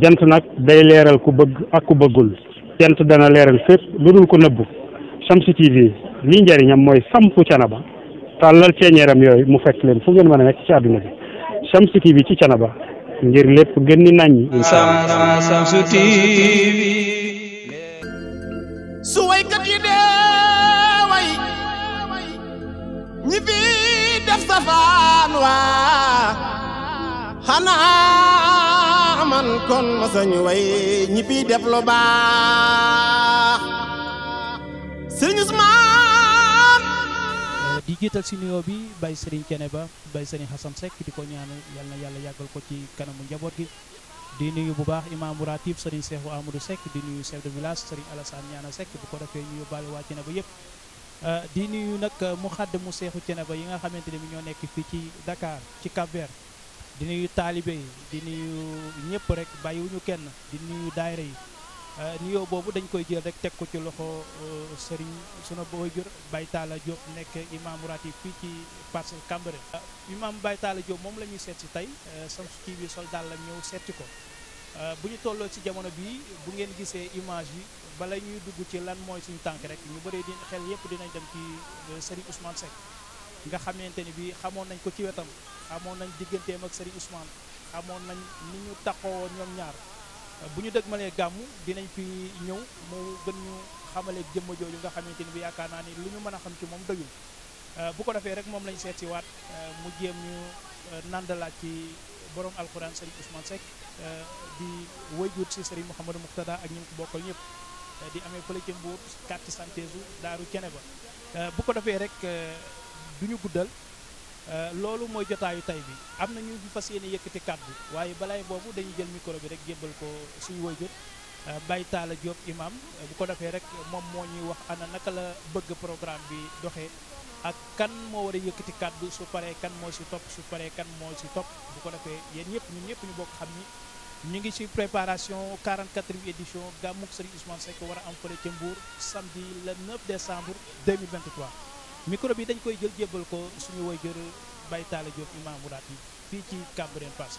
jant nag day leeral ku bëgg ak ku bëggul jant dana leeral fépp lu dul ko nëbbu Shamsu TV lii njëriñam mooy sampu canaba tàllal ceeñeeram yooyu mu fekk leen fu ngeen mën a nekk ci àdduna bi Shamsu TV ci canaba ngir lépp gën ni su waykat yi dee way ñi fi def safaan waa xanaa man kon mosañu way ñibbi def lu baax sëriñ Ousmane di jiital si niyo bi bay sëriñ Keneba bay sëriñ Xasan Seck di ko ñaanal yal na yàlla yàggal ko ci kanamu njaboot gi di nuyu bu baax imaamu ratib sëriñ Seexu Amadou Seck di nuyu chef de village sëriñ Alassane ñaana Seck bu ko defee ñu yóbbaale waa Ceneba yëpp euh, di nuyu nag mu xàdd mu seexu Ceneba yi nga xamante ne bi ñoo nekk fii ci Dakar ci cap di nuyu taalibe yi di nuyu ñëpp rek bàyyiwuñu kenn di nuyu daayira yi eh, nuyoo sering dañ koy jël rek neke ko ci loxo eh, sëriñ imam ratib fii ci Parcelles Cambérène eh, imam baytaala Diop moom la ñuy seet si tey bi, TV sol daal la ñëw seeti ko bu ñu ci jamono bii bu ngeen gisee image yi bala ñuy dugg ci lan mooy suñu tànk rek ñu bëree di xel yépp dinañ dem ci Ousmane Seck nga xamante ni bi xamoon nañ ko ci wetam xamoon nañ digganteem ak Serigne Ousmane xamoon nañ ni ñu taxoo ñoom ñaar bu ñu dëgmalee gàmmu dinañ fi ñëw mu gën ñu xamaleeg jëmma jooju nga xamante ni bi yaakaar naa ni lu ñu mën a xam ci moom doyul bu ko defee rek moom lañ seet si waat mu jéem ñu euh, nandalaat ci borom alxuraan Serigne Ousmane Seck euh, di wëyjuut si Serigne Mouhamadou Mouxtada ak ñu ko bokkal ñëpp di amee fële ci Mbour carte santé su daaru Ceneba euh, bu ko defee rek duñu guddal euh, loolu mooy jotaayu tay bi am na ñu fas yéene yëkkati kàddu waaye balaay boobu dañuy jël micro bi rek jébbal ko suñu jot euh, bay taala diop imam euh, bu ko defee rek moom moo ñuy wax ana naka la bëgg programme bi doxee ak kan moo war a yëkkati kàddu su paree kan moo si topp su paree kan moo si topp bu ko defee yéen ñëpp ñun ñëpp ñu bokk xam ni ñu ngi ci préparation 44e édition gamuk Serigne Ousmane Seck war a am fële ca Mbour samedi le 9 décembre 2023 micro bi dañ koy jël jébbal ko suñu wayjur bay Talla Diop imam raati fi ci Cambérène Pass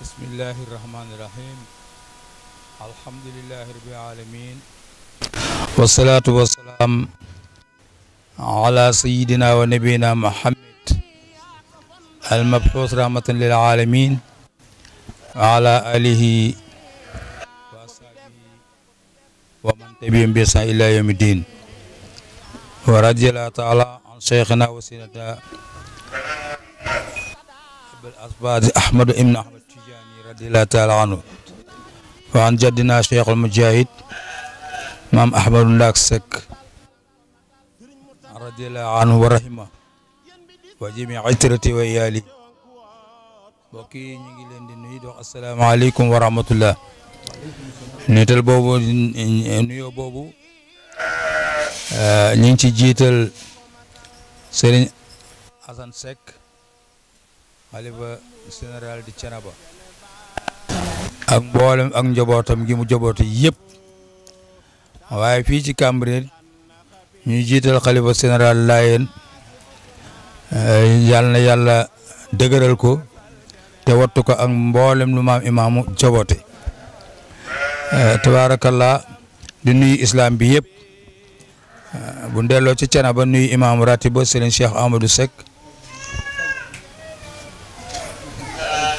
bismillahir rahmanir rahim alhamdulillahi rabbil alamin wasalaatu wasalaam ala sayidina wa nabiyina muhammad almabxuus rahmatan lil alamin على آله وصحبه ومن تبعهم بإحسان إلى يوم الدين ورضي الله تعالى عن شيخنا وسيدنا بالأصباد أحمد بن أحمد التجاني رضي الله تعالى عنه وعن جدنا شيخ المجاهد مام أحمد اللاكسك رضي الله عنه ورحمه وجميع عترتي ويالي mbokk yi ñu ngi leen di nuyu di wax asalaamaaleykum wa rahmatullah nital Euh, ñu ngi ci jiital Serigne Assane Seck xalifa di Thiénaba ak mboolem ak njabootam gi mu jaboote yëpp waaye fii ci Cambérène ñuy jiital xalifa seneral Layène euh, yàlla na yàlla dëgëral ko te wattu ko ak mboolem lu maam imaamu jaboote euh, tabaarakallaa di nuyu islam bi yépp bu delloo ci ba nuyu imam ratiba Serigne Cheikh Amadou Seck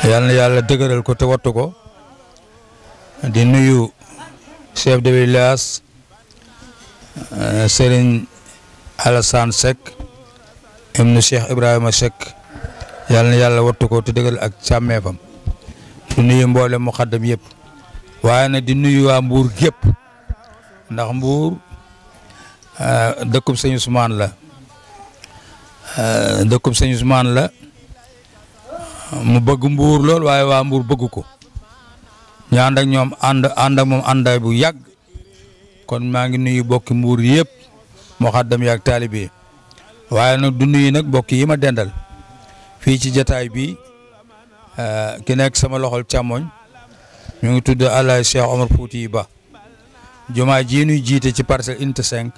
yal na yàlla dëgëral ko te wattu ko di nuyu chef de village euh, Serigne Alassane Seck ibnu Cheikh Ibrahima Seck yal na yàlla wattu ko te dëgëral ak càmmeefam di nuyu mboolem muqaddam yëpp waaye di nuyu waa Mbuur gépp ndax Mbuur Euh, dëkkub sëñ sman la euh, dëkkub sëñ la mu bëgg mbuur lool waaye waa mbuur bëgg ko ñu ànd ñoom ànd moom àndaay bu yàgg kon maa ngi nuyu bokki mbuur yëpp moo xaddam yaag taalibe waaye nag du nuyu nag bokk yi ma dendal fii ci jataay bi euh, ki nekk sama loxol càmmoñ ñu ngi tudd Alaaji Cheikh Omar Fouti Ba jumaa ji nuy jiite ci parcelle unité 5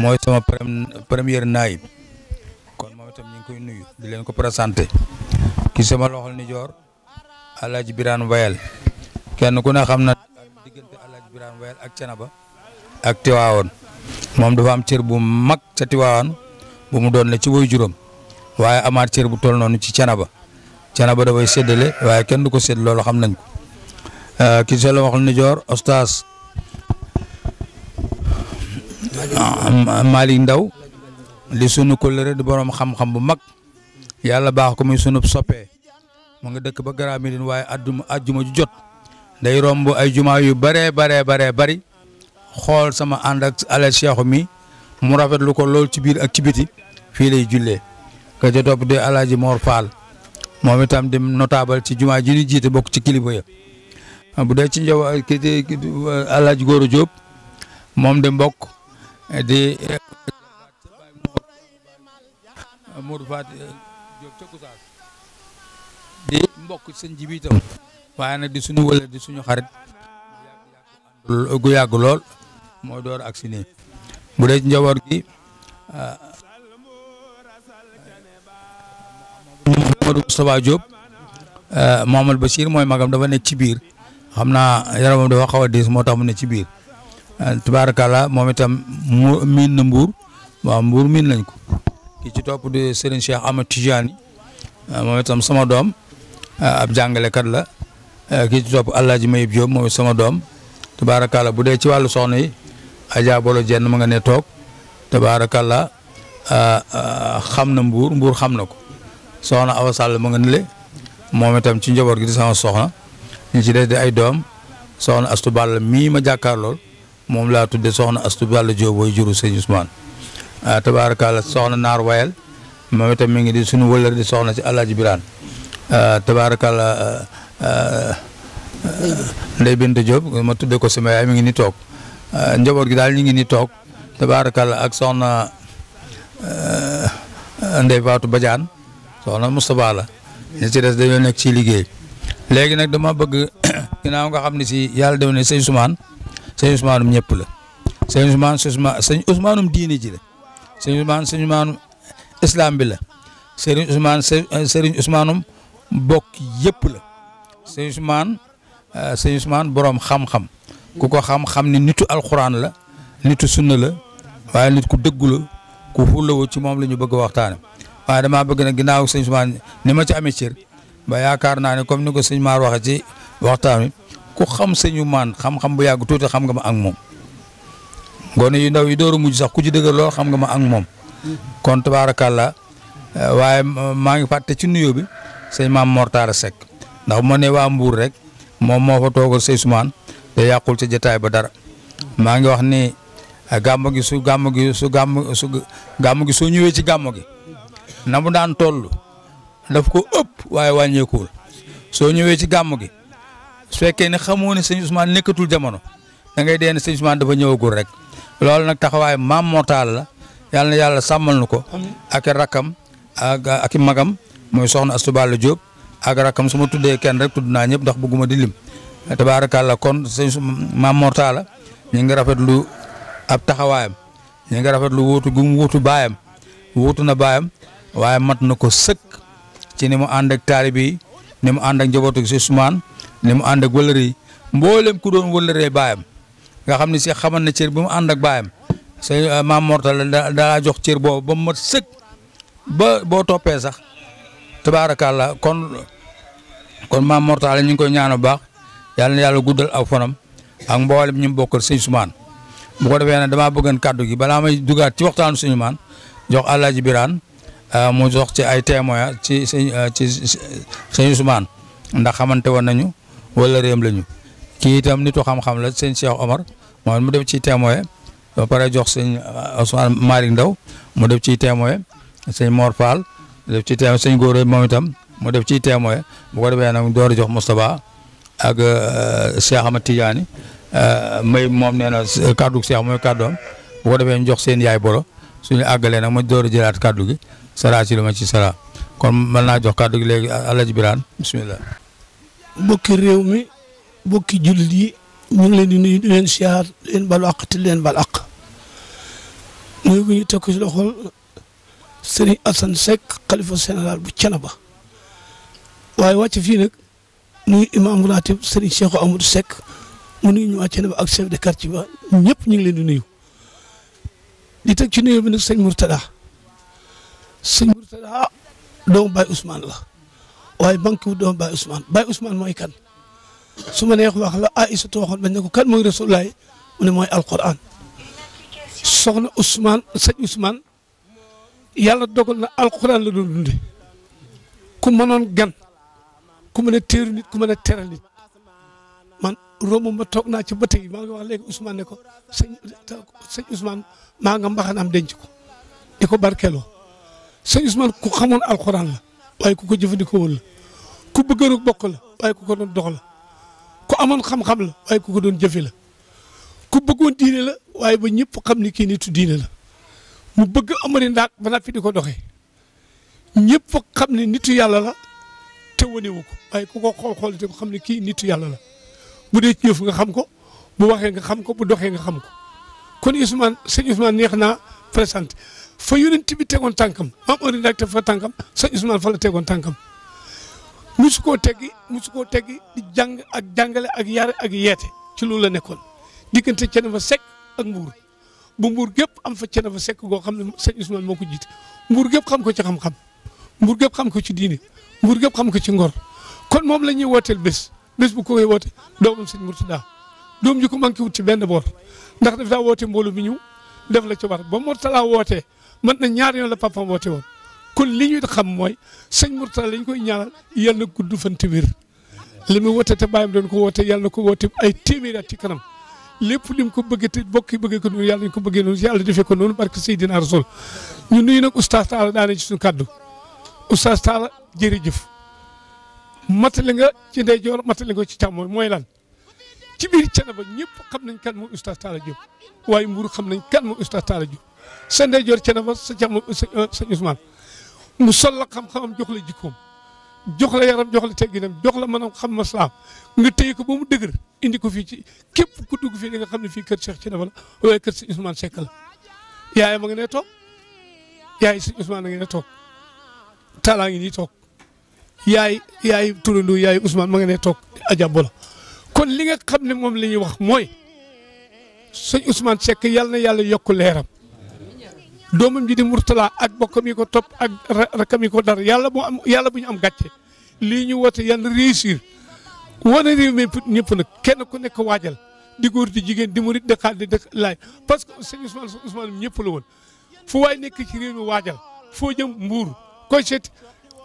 mooy sama première naayib kon moom itam ñu ngi koy nuyu di leen ko présenté ki sama loxol nijoor joor alaaji biraan kenn ku ne xam na diggante alaaji biraan wayal ak canaba ak tiwaawoon moom dafa am cër bu mag ca tiwaawoon bu mu doon ne ci woy juróom waaye amaat cër bu tol noonu ci canaba canaba dafay séddale waaye kenn du ko sédd loolu xam nañ ko euh, ki sa loxol ni ostaas Ah, Malick Ndaw di sunu kóllëre di borom xam-xam bu mag yàlla baax ko muy sunu soppee mu nga dëkk ba Grand Médine waaye àdduma àjjuma ju jot day romb ay jumaa yu bëree baree baree bëri xool sama ànd ak ala cheikhu mi mu rafetlu ko lool ci biir ak ci biti fii lay jullee ka ca topp di alaaji Mor Fall moom itam di notable ci jumaa ji ñu jiite bokk ci kilifa ya bu dee ci njaw ki alaaji Goro Diop moom di mbokk Eh, eh, di mbokk sëñ ji bi itam waaye nag di suñu wala di suñu xarit gu yàgg lool moo door ak si nii bu dee njaboot gi eh, Modou Moustapha Diop Mohamed Bachir mooy magam dafa nekk ci biir xam naa yaramam dafa xaw a moo tax mu ne ci biir Euh, tubaarakàlla moom itam mu miin na Mbour waaw Mbour miin nañ ko ki ci topp di Serigne Cheikh Ahmed Tidiane euh, moom itam sama doom euh, ab jàngalekat la ki ci topp El Hadj Mayib Diop moom sama doom tubaarakàlla bu dee ci wàllu soxna yi Adja jenn ma nga ne toog tubaarakàlla xam na mbuur Mbour xam na ko soxna Awa Sall ma nga nile moom itam ci njaboot gi di sama soxna ñu ci des di ay doom soxna Astou Ball mii ma jàkkaar lool moom laa tudde soxna Astu Balla Diop booy juru sëñ Ousmane ah tabaarakaala soxna Naar Wayal moom itam mi ngi di sunu wëllër di soxna si Alaaji Biraan ah, tabaarakaala ah, ah, Ndey Bint Diop ma tudde ko sama yaay mi ngi ni toog njaboot gi daal ñu ngi ni toog tabaarakaala ak soxna Ndey Faatu Badiane soxna Moustapha la ñi ci des dañoo nekk ci liggéey léegi nag dama bëgg ginnaaw nga xam ne si yàlla dem ne sëñ Ousmane sëñ Ousmane ñëpp la sëñ Ousmane sëñ Ousmane um diine ji la sëñ Ousmane sëñ Ousmane um islam bi la sëriñ Ousmane sëriñ euh, Ousmane um bokk yëpp la sëñ Ousmane euh, sëñ borom xam-xam ku ko xam-xam ni nitu alxuraan la nitu sunna la waaye nit ku dëggu la ku xullawoo ci moom la ñu bëgg a waxtaane waaye damaa bëgg na ginnaaw sëñ Ousmane ni ma ci amee cër ba yaakaar naa ne comme ni ko sëñ Maar waxee ci waxtaan wi ku xam sañu maan xam-xam bu yàgg tuuti xam nga ma ak moom gone yu ndaw yi dooru a mujj sax ku ci dëgër lool xam nga ma ak moom kon tabaarakàllaa euh, waaye maa ngi fàtte ci nuyoo bi sëñ maam Mortara Seck ndax bu ma nee waa Mbour rek moom moo fa toogal sëñ sumaan te yàqul ca jataay ba dara maa ngi wax ni euh, gàmm gi su gàmm gi su gàmm su gi soo ñëwee ci gàmm gi na mu daan toll daf ko ëpp waaye wàññeekuwul soo ñëwee ci gàmm gi su ne xamone seigne Ousmane nekatul jamono da ngay den seigne Ousmane dafa ñëwagul rek lool nak taxaway mam moo taal la yalla na yalla samal nuko ak rakam ak ak magam moy soxna astubal job ak rakam suma tuddé ken rek tudd ñep ndax bëgguma di lim kon sëñ mam mortal taal la ñu ngi rafetlu ab taxawayam ñi nga rafetlu wuutu gu mu wuutu baayam na bayam waye mat nako seuk ci ni mu and ak talibi ni mu and ak njabootu si Ousmane ni mu ànd ak mboolem ku doon wëllëree baayam nga xam ne si xamal na cër bi mu ànd ak baayam sëñ euh, maam Mortala daa jox cër boobu ba mu mat ba boo toppee sax tabaarakàlla kon kon maam Mortala ñu ngi koy ñaan bu baax yàlla na yàlla guddal aw fanam ak mboolem ñu bokkal sëñ Sumaan bu ko defee nag damaa bëggoon kàddu gi balaa may dugaat ci waxtaanu suñu maan jox Alaaji Biraan euh, mu jox ci ay témoin ci sëñ euh, ci sëñ Ousmane ndax xamante woon nañu wala réem lañu kii itam nitu xam-xam la sëñ Cheikh Omar moom mu def ci témoin ba pare jox sëñ Ndaw mu def ci témoin sëñ Mor Fall ci témoin sëñ Góor moom itam mu def ci témoin bu ko defee nag door jox Moustapha ak euh, Cheikh Ahmad Tidiane euh, may moom nee na kaddu Cheikh mooy kaddoom bu ko defee ñu jox seen yaay boro suñu àggalee nag ma door a jëlaat kaddu gi sara si lu ma ci sara kon mën naa jox kaddu gi léegi Alaaji bismillah bokki réew mi bokki jullit yi ñu ngi leen di nuyu leen siyaar di leen balu àq te leen balu àq nuyu ñu teg ci loxol Serigne Assane Seck xalifa général bu Thiénaba waaye wàcc fii nag nuyu imam ratib Serigne Cheikh Amadou Seck mu nuyu ñu waa Thiénaba ak chef de quartier ba ñëpp ñu ngi leen di nuyu di teg ci nuyu bi nag sëñ Mourtada sëñ Mourtada doomu Baye la waaye banque wu doon Baye Ousmane Baye Ousmane mooy kan su ma neex wax la Aïssatou waxoon bañ ne ko kan mooy Rasulullah mu ne mooy alquran soxna Ousmane sëñ Ousmane yàlla dogal na alquran la doon dunde ku mënoon gan ku mën a teeru nit ku mën a teral nit man romb ma toog naa ci ba tey maa ngi wax léegi Ousmane ne ko sëñ sëñ Ousmane maa nga mbaxanaam denc ko di ko barkeeloo sëñ Ousmane ku xamoon alquran la waaye ku ko jëfandikoo woon la ku bëggoon bokk la waaye ku ko doon dox la ku amoon xam-xam la waaye ku ko doon jëfe la ku bëggoon diine la waaye ba ñëpp xam ni kii nitu diine la mu bëgg amari ndaak banaa fi di ko doxe ñëpp xam ne nitu yàlla la te wanewu ko waaye ku ko xool-xool te ko xam ne kii nittu yàlla la bu dee ci yëf nga xam ko bu waxee nga xam ko bu doxee nga xam ko kon Ousmane sëñ Ousmane neex naa présenté fa yonent bi tegoon tànkam maam amari ndaak te fa tànkam sëñ Ousmane fa la tegoon tànkam musu koo teggi musu koo teggi di jàng ak jàngale ak yar ak yeete ci loolu la nekkoon diggante Thiénaba Seck ak Mbour ba Mbour gépp am fa Thiénaba Seck goo xam ne sëñ Ousmane moo ko jiite Mbour gépp xam ko ci xam-xam gépp xam ko ci diine Mbour gépp xam ko ci ngor kon moom la ñuy wooteel bés bés bu ko koy woote doomam sëñ Mourtada doom ji ko manqué wut ci benn boor ndax daf daa woote mbooloo mi ñu def la ci war ba Mourtada wootee mën na ñaar yoon la papam woote woon kon li ñu xam mooy sëñ Mourtala lañ koy ñaanal yal na gudd fan te wér li mu woote te bàyyam doon ko woote yal na ko woote ay téeméeri at ci kanam lépp lim ko bëgg te bokk bëggee ko noonu yàlla nañu ko bëggee noonu yàlla defee ko noonu barke Seydina Rasul ñu nuyu nag oustaz Talla daane ci suñu kàddu oustaz Talla jërëjëf matali nga ci ndeyjoor matali nga ci càmmoñ mooy lan ci biir Thiénaba ñëpp xam nañ kan mooy oustaz Talla Diop waaye Mbour xam nañ kan mooy oustaz Talla Diop sa ndeyjoor Thiénaba sa càmmoñ sa Ousmane mu sol la xam-xamam jox la jikkoom jox la yaram jox la tegginam jox la manam xam maslaam nga téye ko ba mu dëgër indi ko fii ci képp ku dugg fii di nga xam ne fii kër Cheikh Thiénaba la waaye kër Sëñ Ousmane Seck la yaay ma nga ne toog yaay Sëñ Ousmane nga ne toog taalaa ngi ni toog yaay yaay turandoo yaay Ousmane ma nga ne toog ajabbo kon li nga xam ne moom la ñuy wax mooy Sëñ Ousmane Seck yàlla na yàlla yokk leeram doomam ji di Mourtala ak bokkam yi ko topp ak rakkam yi ko dar yàlla bu am yàlla bu ñu am gàcce lii ñu woote yàlla réussir wane réew mi ñëpp nag kenn ku nekk waajal di góor di jigéen di murit di xaar di dëkk laay parce que sëñ Ousmane ñëpp la woon fu nekk ci réew mi waajal foo jëm mbuur koy seet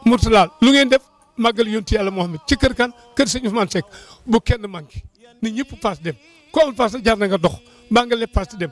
Mourtala lu ngeen def màggal yontu yàlla Mohamed ci kër kan kër sëñ Ousmane Seck bu kenn manqué nit ñëpp paas dem ku amul paas jar nga dox mbaa nga leb paas dem.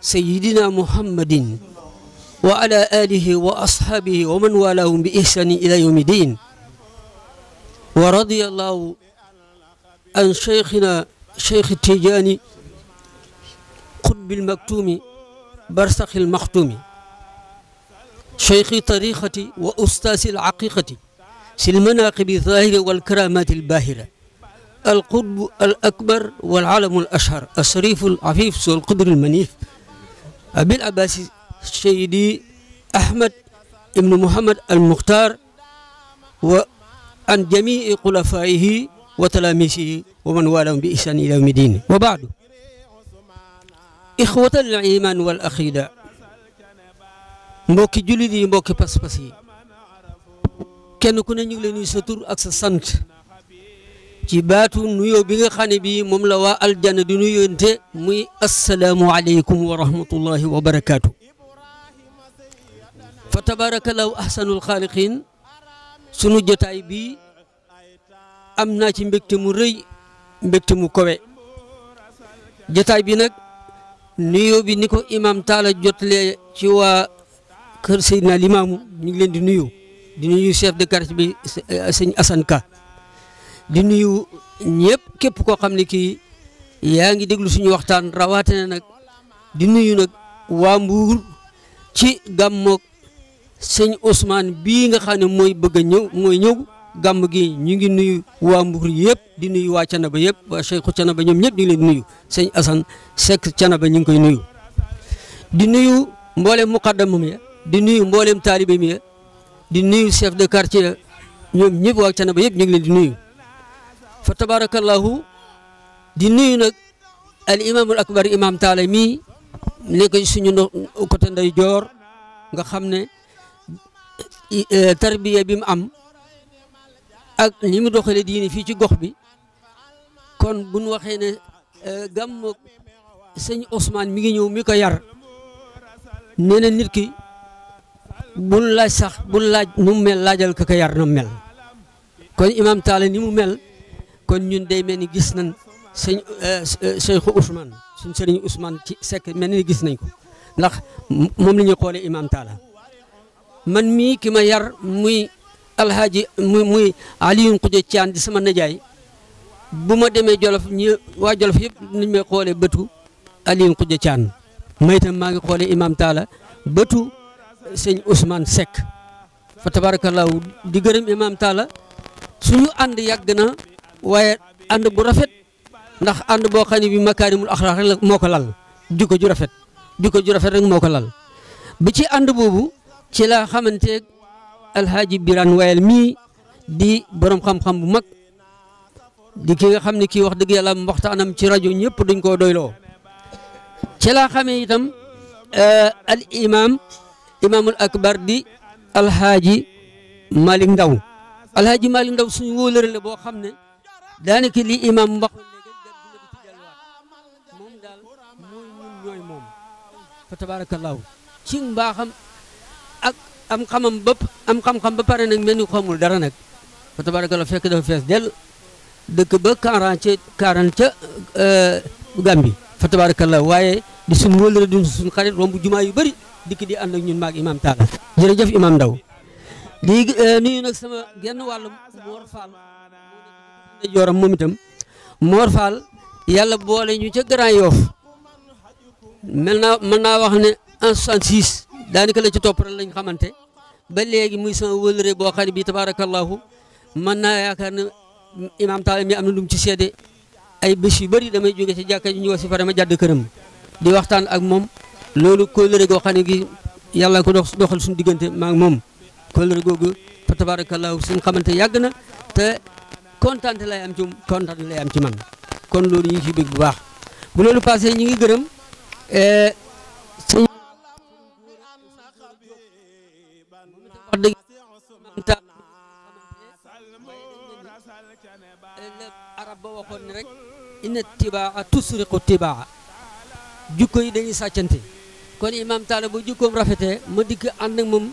سيدنا محمد وعلى آله وأصحابه ومن والاهم بإحسان إلى يوم الدين ورضي الله عن شيخنا شيخ التيجاني قطب المكتوم برسخ المختوم شيخ طريقة وأستاذ العقيقة في المناقب الظاهرة والكرامات الباهرة القطب الأكبر والعالم الأشهر الشريف العفيف والقدر المنيف أبي العباس سيدي أحمد بن محمد المختار وعن جميع خلفائه وتلاميذه ومن والهم بإحسان إلى يوم الدين وبعد إخوة الإيمان والأخيدة موكي جلدي yi mbokki pas-pas yi kenn ku ne ñu ngi ci batu nuyo bi nga xam bi mom la wa aljana di nte muy alaykum wa rahmatullahi wa barakatuh fa tabarakallahu ahsanul khaliqin sunu jotaay bi amna ci mbekté mu reuy mbekté mu kowe jotaay bi nak nuyo bi niko imam imaam taala ci wa kër sayyidina limam ñu ngi leen di nuyo di nuyo chef de quartier bi seigne Assane Ka di nuyu ñëpp képp koo xam ne ki yaa ngi déglu suñu waxtaan rawatina nag di nuyu nag waa Mbuur ci gàmmoog sëñ Ousmane bii nga xam ne mooy bëgg a ñëw mooy ñëw gàmm gi ñu ngi nuyu waa Mbuur yëpp di nuyu waa Canaba yëpp waa Cheikhu Canaba ñoom ñëpp di leen nuyu sëñ Assane Seck Canaba ñu ngi koy nuyu di nuyu mboolem muqaddamam ya di nuyu mboolem taalibeem ya di nuyu chef de quartier ñoom ñëpp waa Canaba yëpp ñu ngi leen di nuyu fa tabarakallahu di nuyu nag al imaamul akbar imaam taala mii nekk suñu côté nday joor nga xam ne e, tarbiya bi mu am ak li mu doxale diini fii ci gox bi kon bu ñu waxee ne e, gàmm sëñ Ousmane mi ngi ñëw mi ko yar nee na nit ki bul laaj sax bul laaj nu mel laajal ka ko yar na mel kon imaam taala ni mu mel kon ñun day mel ni gis nañ sëñ euh, euh, Cheikh Ousmane suñ sëriñ Ousmane ci sekk mel ni gis nañ ko ndax moom la ñuy xoolee Imam Talla man mii ki ma yar muy alhaaji muy muy Alioune Khoudia Thiane sama najaay bu ma demee Jolof ñi waa Jolof yëpp nañ may xoolee bëtu Alioune Khoudia Thiane may itam maa ngi xoolee Imam Talla bëtu sëñ Ousmane Seck fa tabarakallahu di gërëm Imam Talla suñu ànd yàgg na waaye ànd bu rafet ndax ànd boo xam ne bi makaarimul axlaax rek la moo ko lal jikko ju rafet jikko ju rafet rek moo ko lal bi ci ànd boobu ci la xamanteeg alhaaji biran wayel mii di boroom xam-xam bu mag di ki nga xam ne kii wax dëgg yàlla waxtaanam ci rajo ñëpp dañ koo doyloo ci laa xamee itam eh, al imam imaamul akbar di alhaaji malik ndaw alhaaji malik ndaw suñu wóolëre la boo xam ne daanaka li imam mbax moom daal mooy ñun ñooy moom fa tabaarakallaahu ci mbaaxam ak am xamam bap am xam-xam ba pare nag mel ni xamul dara nag fa tabaarakallaahu fekk dafa fees dell dëkk ba Kaaran ca Kaaran ca euh, Gambi fa tabaarakallaahu waaye di suñ wëlëra di suñ xarit romb jumaa yu bëri dikk di ànd ak ñun maag imam Talla jërëjëf imam Ndaw léegi euh, nuyu nag sama genn wàllu Mor Fall ndeyjooram moom itam Mor Fall yàlla boole ñu ca Grand Yoff mel naa mën naa wax ne en 66 daanaka la ci toppal lañ xamante ba léegi muy sama wëlëre boo xam bi bii tabaarakallaahu mën naa yaakaar ne imaam taala mi am na lu ci seede ay bés yu bëri damay jóge ci jàkka ji ñu wax si fa dama jàdd këram di waxtaan ak moom loolu kóllëre goo xam ne gi yàlla ko doxal suñu diggante maa ngi moom kóllëre googu fa tabaarakallaahu suñu xamante yàgg kontaan lay am ci am ci man kon loolu ñu ngi ciy bu baax bu loolu passé ñu ngi gërëm e, sëñ wax arab ba waxoon ne rek inna tibaa tusriqu tibaa jukko yi dañuy sàccante kon imaam taala ba jukkoom rafetee ma dikk ànd ak moom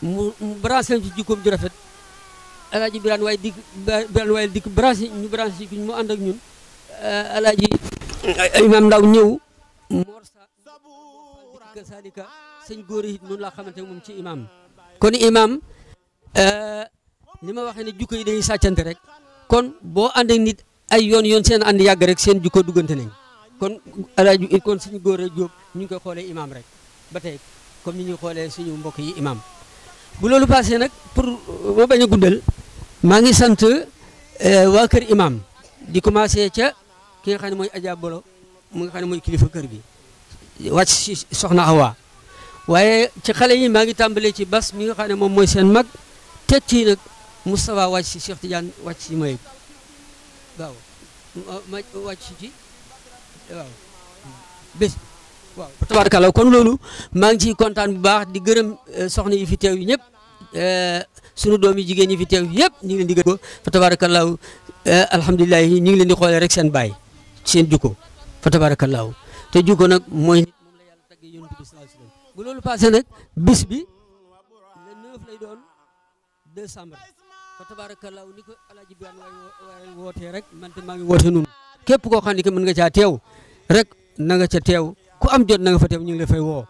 mu branché ci jukkoom ju rafet alaaji biraan waaye dikk biraan waaye dikk branché ñu branché ñu mu ànd ak ñun eh, alaaji imam ndaw ñëw mor sa dikka salika sëñ góor yi noonu laa xamante moom ci imam kon imam li eh, ma waxee ne jukko yi dañuy sàccante rek kon boo ànd ak nit ay yoon yoon seen ànd yàgg rek seen jukko duggante nañ kon alaaji kon suñu góor a jóob ñu ngi koy xoolee imam rek ba tey comme ni ñuy xoolee suñu mbokk yi imam bu loolu passé nag pour eh, ma bañ a guddal maa ngi sant eh, waa kër imam di commencé ca ki nga xam ne mooy Adja Bolo mu ngi xam ne mooy kilifa kër bi wàcc si soxna Awa waaye ci xale yi maa ngi tàmbalee ci bas mi nga xam ne moom mooy seen mag teg ci nag Moustapha wàcc si Cheikh Tidiane wàcc si Mayib waaw ma wàcc ci waaw bés waaw tabaarkalla kon loolu maa ngi ci kontaan bu baax di gërëm eh, soxna yi fi teew yi suñu doomi yi jigéen ñi fi tew yépp ñu ngi leen di gërëm fa tabarakallahu eh, alhamdullilah ñu ngi leen di xolé rek seen bay seen juko fa tabarakallah te juko nak moy nit la yalla tagge yoon bi sallallahu alayhi wasallam bu lolu passé bis bi le 9 lay doon décembre fa tabarakallahu ni ko alaaji bi waaye wootee rek man te ma ngi woote nun képp ko xamni ke que mën nga ca tew rek na nga ca tew ku am jot na nga fa tew ñu ngi lay fay wo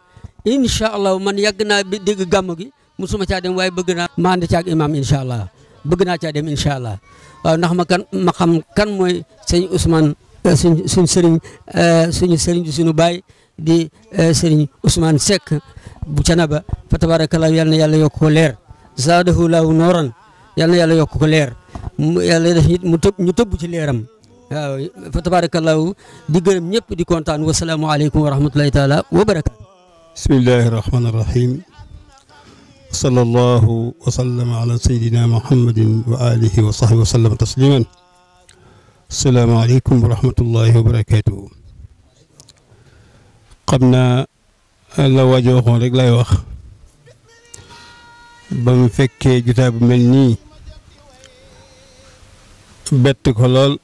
inshallah man yàgg naa deg gamu gi musuma ca dem way bëgg naa maande caag imaam incha allah bëgg naa caa dem inshallah allah waaw ndax ma kan ma xam kan moy seigne Ousmane seigne suñ seigne suñu suñu bay di sëriñ Ousmane Sek bu Canaba fa tabarakallah yalla yalla yok ko leer zadahu la nuran yalla yalla yok ko leer yalla def nit mu tëb ñu tëbb ci leeram waaw fa tabarakallah di gërëm ñepp di kontaan alaykum wa rahmatullahi taala wa barakatuh bismillahir rahmanir rahim صلى الله وسلم على سيدنا محمد وآله وصحبه وسلم تسليما السلام عليكم ورحمة الله وبركاته قبنا الله واجه لك لا يوخ بام فكي جتاب ملني بيت خلال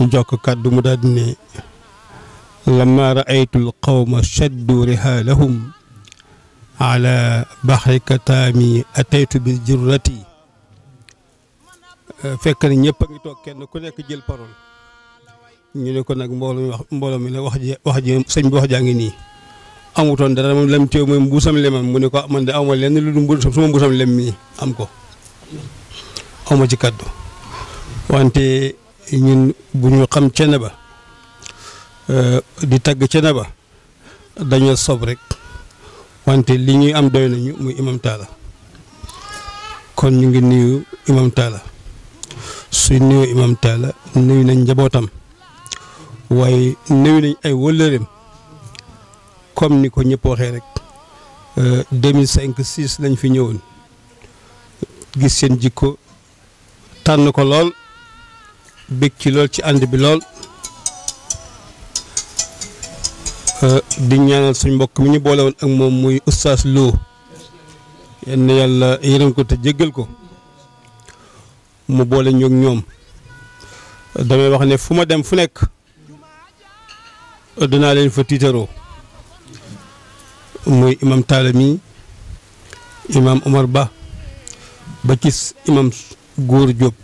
جوك كادو مدادني لما رأيت القوم شدوا رهالهم على بحر كتامي أتيت بالجرتي fekk na ñëpp a ngi toog kenn ku nekk jël parole ñu ne ko nag mbooloo mi mbooloo mi na wax ji wax ji sëñ bi wax jaa ngi nii amutoon dara moom lam teew mooy mbuusam lemam mu ne ko ah, man de awma lenn lu dul suma mbuusam lem mi am ko awma ci kaddu wante ñun bu xam cene ba euh, di tagg cene ba dañoo sob rek wante li ñuy am doy nañu muy imam taala kon ñu ngi nuyu imam taala suñ nuyu imam taala nuyu nañ njabootam waaye nuyu nañ ay wëllëreem comme ni ko ñëpp waxee rek 2005 euh, 6 lañ fi ñëwoon gis seen jikko tànn ko lool bég ci lool ci ànd bi lool Euh, di ñaanal suñ mbokk mi ñu boole woon ak moom muy Oustaz Lo yenn yàlla yërëm ko te jéggal ko mu boole ñoog ñoom damay wax ne fu ma dem fu nekk dinaa leen fa tiitaroo muy imam Talla mi imam Omar Ba ba ci imam góor Diop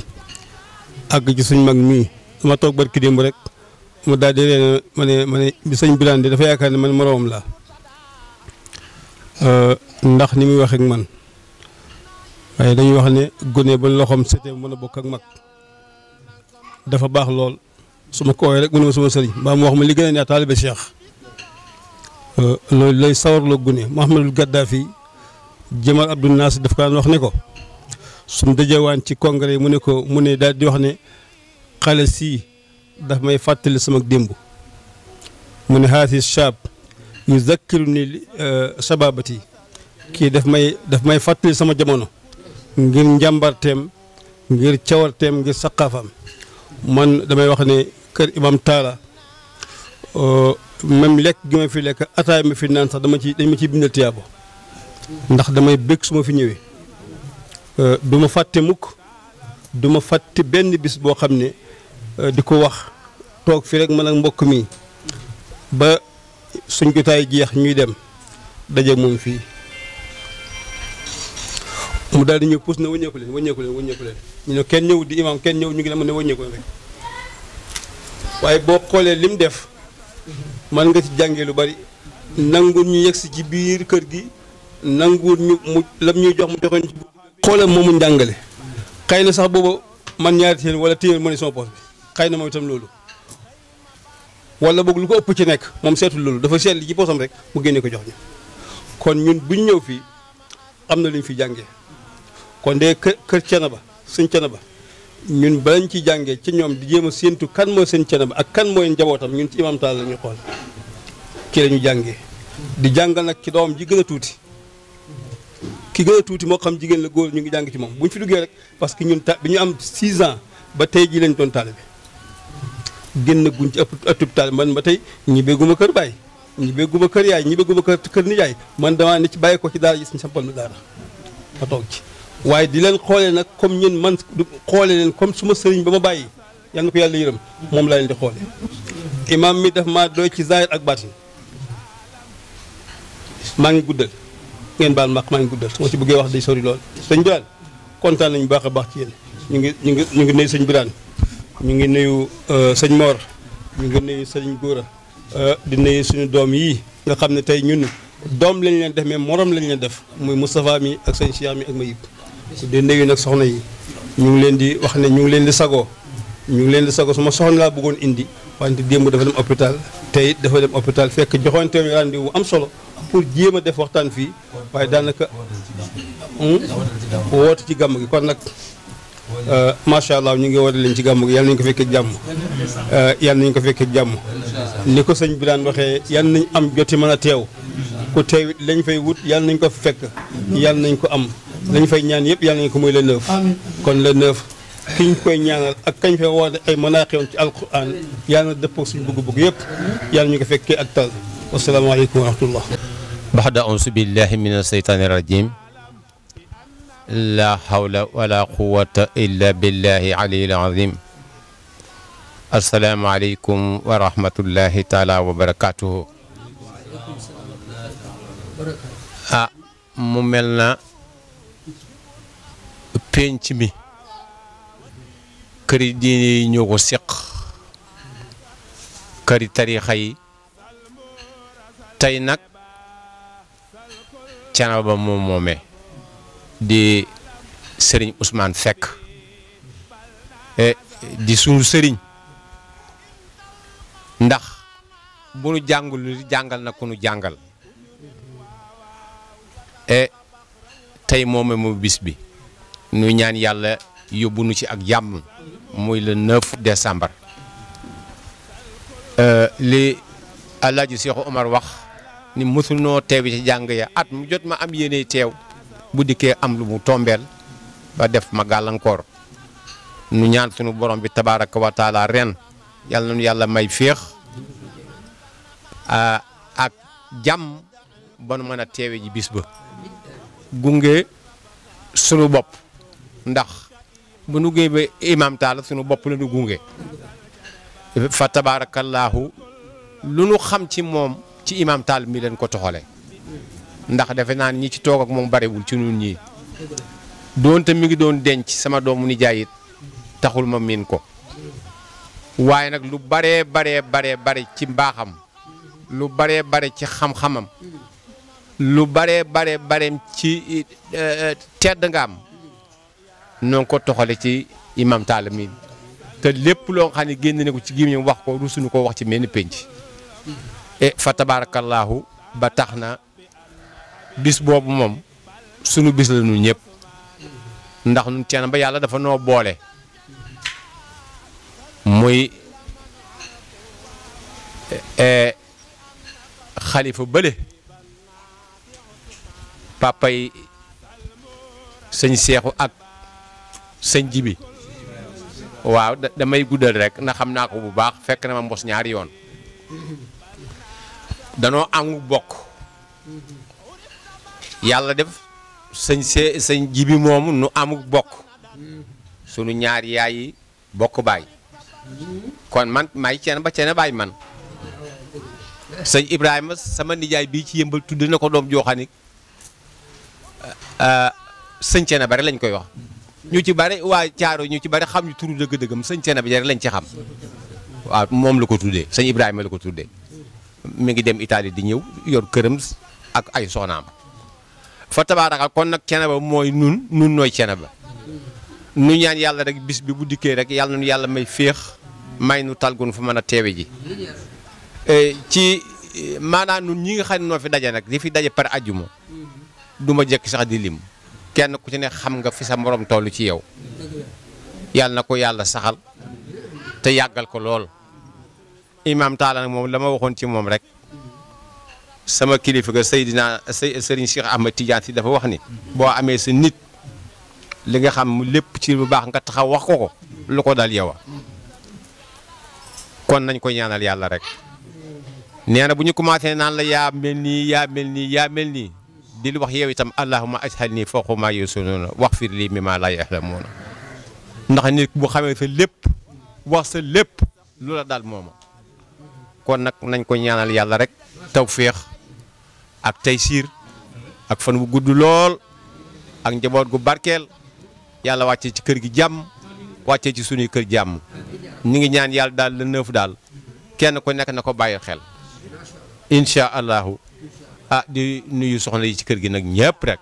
àgg ci suñ mag mii dama toog barki démb rek mu daal di leen ma ne ma ne sëñ Birane de dafa yaakaar ne man moroomam laa euh, ndax ni muy wax man waaye dañuy wax ne gone ba loxoom setee mën a bokk ak mag dafa baax lool su ma koowee rek mu ne ma suma sëriñ mbaa mu wax ma li gën a neex taalibe Cheikh euh, loolu lay sawarloo gune Mouhamadul Gaddafi Jamal Abdul Nasir daf kaan wax ne ko suñ dajewaan ci kongre yi mu ne ko mu ne daal di wax ne xale sii daf may fàttali sama démb mu ne haasi shaab yu zakkiru ni euh, sababati kii daf may daf may fàttali sama jamono ngir njàmbarteem ngir cawarteem ngir saqaafaam man damay wax ne kër imam taala euh, même lekk gi ma fi lekk ataay ma fi naan sax dama ci dañ ma ciy bindal tiyaabo ndax damay bëgg suma fi ñëwee euh, du fàtte mukk du fàtte benn bis boo xam ne Euh, di ko wax toog fii rek man ak mbokk mi ba suñ jotaay jeex ñuy dem daje moom fii mu daal di ñëw puus na wëññeeku leen wëññeeku leen ñu ne kenn ñëw di imaam kenn ñëw ñu ngi la mën ne wëññeeku rek waaye boo xoolee lim def man nga ci jàngee lu bari nanguwul ñu yegsi ci biir kër gi nanguwul ñu mu lam ñuy jox mu joxe ñu ci. xoolam moomu njàngale xëy na sax boobu man ñaari téeméer wala téeméer ma ne sama xëy na moom itam loolu wala boog lu ko ëpp ci nekk moom seetul loolu dafa seet li ci poosam rek mu génne ko jox ñu kon ñun bu ñëw fii am na lu ñu fi jàngee kon de kë kër Thiénaba suñ Thiénaba ñun balañ ci jàngee ci ñoom di jéem a séentu kan mooy seen Thiénaba ak kan mooy njabootam ñun ci imam taal la ñuy xool ci la ñu jàngee di jàngal nag ki doom ji gën a tuuti ki gën a tuuti moo xam jigéen la góor ñu gi jàng ci moom bu ñu fi duggee rek parce que ñun ta bi ñu am 6 ans ba tey ji lañ doon taalibe génn guñ ci ëpp ëttub taal man ba tey ñi bégguma kër baay ñi bégguma kër yaay ñi bégguma kër kër nijaay man damaa ne ci bàyyi ko ci daara gis ñu sampal ma daara ma toog ci waaye di leen xoolee nag comme ñun man xoolee leen comme su ma sëriñ ba ma bàyyi yal na ko yàlla yërëm moom laa leen di xoolee imaam mi daf maa doy ci zahir ak baatin maa ngi guddal ngeen baal maq maa ngi guddal su ci bëggee wax di sori lool sëñ Birane kontaan nañu baax a baax ci yéen ñu ngi ñu ngi ñu ngi nuyu sëñ Birane Euh, ñu ngi nuyu sëñ moor ñu ngi nuyu sëñ Góora euh, di nuyu suñu doom yii nga xam ne tey ñun doom lañu leen def mais morom lañ leen def muy Moustapha mi ak sëñ Cheikh mi ak Mayib di nuyu nag soxna yi ñu ngi leen di wax ne ñu ngi leen di sagoo ñu ngi leen di sago suma soxna laa bëggoon indi wante démb dafa dem hôpital tey dafa dem hôpital fekk joxoonteem rendez-vous am solo pour jéem a def waxtaan fii waaye daanaka hmm, woote ci gàmm gi kon nag macha allah ñu ngi war leen ci gàmm yal nañu ko fekkee jàmm yal nañu ko fekkee jàmm ni ko sëñ bi daan waxee yal nañ am joti mën a teew ku teew lañ fay wut yal nañ ko fekk yal nañ ko am lañ fay ñaan yëpp yal nañ ko muy le neuf kon le neuf ki ñu koy ñaanal ak kañ fee woote ay manaaxewoon ci alquran yal na dëppoo suñu bëgg-bëgg yëpp yal nañu ko fekkee ak tal wasalaamaaleykum wa rahmatullah baxda ausu billahi min asheytaani rajim لا حول ولا قوة إلا بالله علي العظيم السلام عليكم ورحمة الله تعالى وبركاته آه، مملنا بنتمي كريديني نغسق كري تاريخي تاينك تانا بمو مومي di sëriñ Ousmane Seck eh, di sunu sëriñ ndax bu nu jàngul li jàngal na ku nu jàngal e tey moome mu bis bi nu ñaan yàlla yóbbu nu ci ak jàmm muy le 9 décembre eh, li Alaaji Seexu Omar wax ni mësul noo teew ci jàng ya at mu jot ma am yenee teew bu dikkee am lu mu tombeel ba def ma gàllankoor nu ñaan sunu borom bi tabaaraka wa taala ren yàlla na yàlla may féex ah, ak jàmm ba nu mën a teewe ji ba gunge sunu bopp ndax bu nu géey imaam taala sunu bopp la nu gunge fa tabaarakallaahu lu nu xam ci moom ci imaam taal mi leen ko toxale ndax defe naa ñi ci toog ak moom barewul ci ñun ñii doonte mi ngi doon denc sama doomu nijaay it taxul ma miin ko waaye nag lu baree baree baree bare ci mbaaxam lu baree bare ci xam lu baree bare bareem ci eh, eh, tedd nga am noo ko toxale ci imam taala miin te lépp loo xam ne génn ne ko ci gémmiñam wax ko rusuñu ko wax ci menn pénc e eh, fa tabaarakallaahu ba tax na bis boobu moom sunu bis la ñu ñëpp ndax ñun ceen ba yàlla dafa noo boole muy e, e, xalifa bële pàppay sëñ seexu ak sëñ jibi waaw damay guddal rek na xam naa ko bu baax fekk na ma mbos ñaari yoon danoo àngu bokk yàlla def sëñ see sëñ jibi moomu nu amuk bokk sunu ñaari yaay bokk baay kon man maay ceen ba ceen baay man sëñ Ibrahima sama nijaay bii ci yëmbal tudd na ko doom jooxanik euh, sëñ ceen bari lañ koy wax ñu ci bari waa caaro ñu ci bari xam nu turu dëgg-dëggam sëñ ceen bi rek lañ ci xam waaw moom la ko tuddee sëñ Ibrahima la ko tuddee mu ngi dem itali di ñëw yor këram ak ay soxnaam fa tabaaraka kon nag Thiénaba mooy nun nun nooy Thiénaba nu ñaan yàlla rek bis bi bu dikkee rek yàlla nu yàlla may féex may nu tal talgun fu mën a teewe ji e, ci maanaam nun ñi nga xam noo fi daje nag di fi daje par ajjuma du ma jekk sax di kenn ku ci ne xam nga fi sa morom toll ci yow yàlla na ko yàlla saxal te yàggal ko lool imaam taala nag moom la ma waxoon ci moom rek sama kilifa ga Seydina Serigne Cheikh Ahmed Tidiane si dafa wax ni boo amee sa nit li nga xam lépp ci bu baax nga taxaw wax ko ko lu ko dal yow kon nañ ko ñaanal yàlla rek nee na bu ñu commencé naan la yaa mel nii yaa mel nii yaa mel nii di lu wax yow itam allahumma ajhalni fawqa maa yusiruuna waxfir lii mimmaa laa yaxlamuuna ndax nit bu xamee sa lépp wax sa lépp lu la dal mooma kon nag nañ ko ñaanal yàlla rek tawféex ak tey siir ak fan wu gudd lool ak njaboot gu barkeel yàlla wàccee ci kër gi jàmm wàccee ci sunuy kër jàmm ñu ngi ñaan yàlla daal le neuf daal kenn ku nekk na ko bàyyi xel incha allahu ah di nuyu soxna yi ci kër gi nag ñëpp rek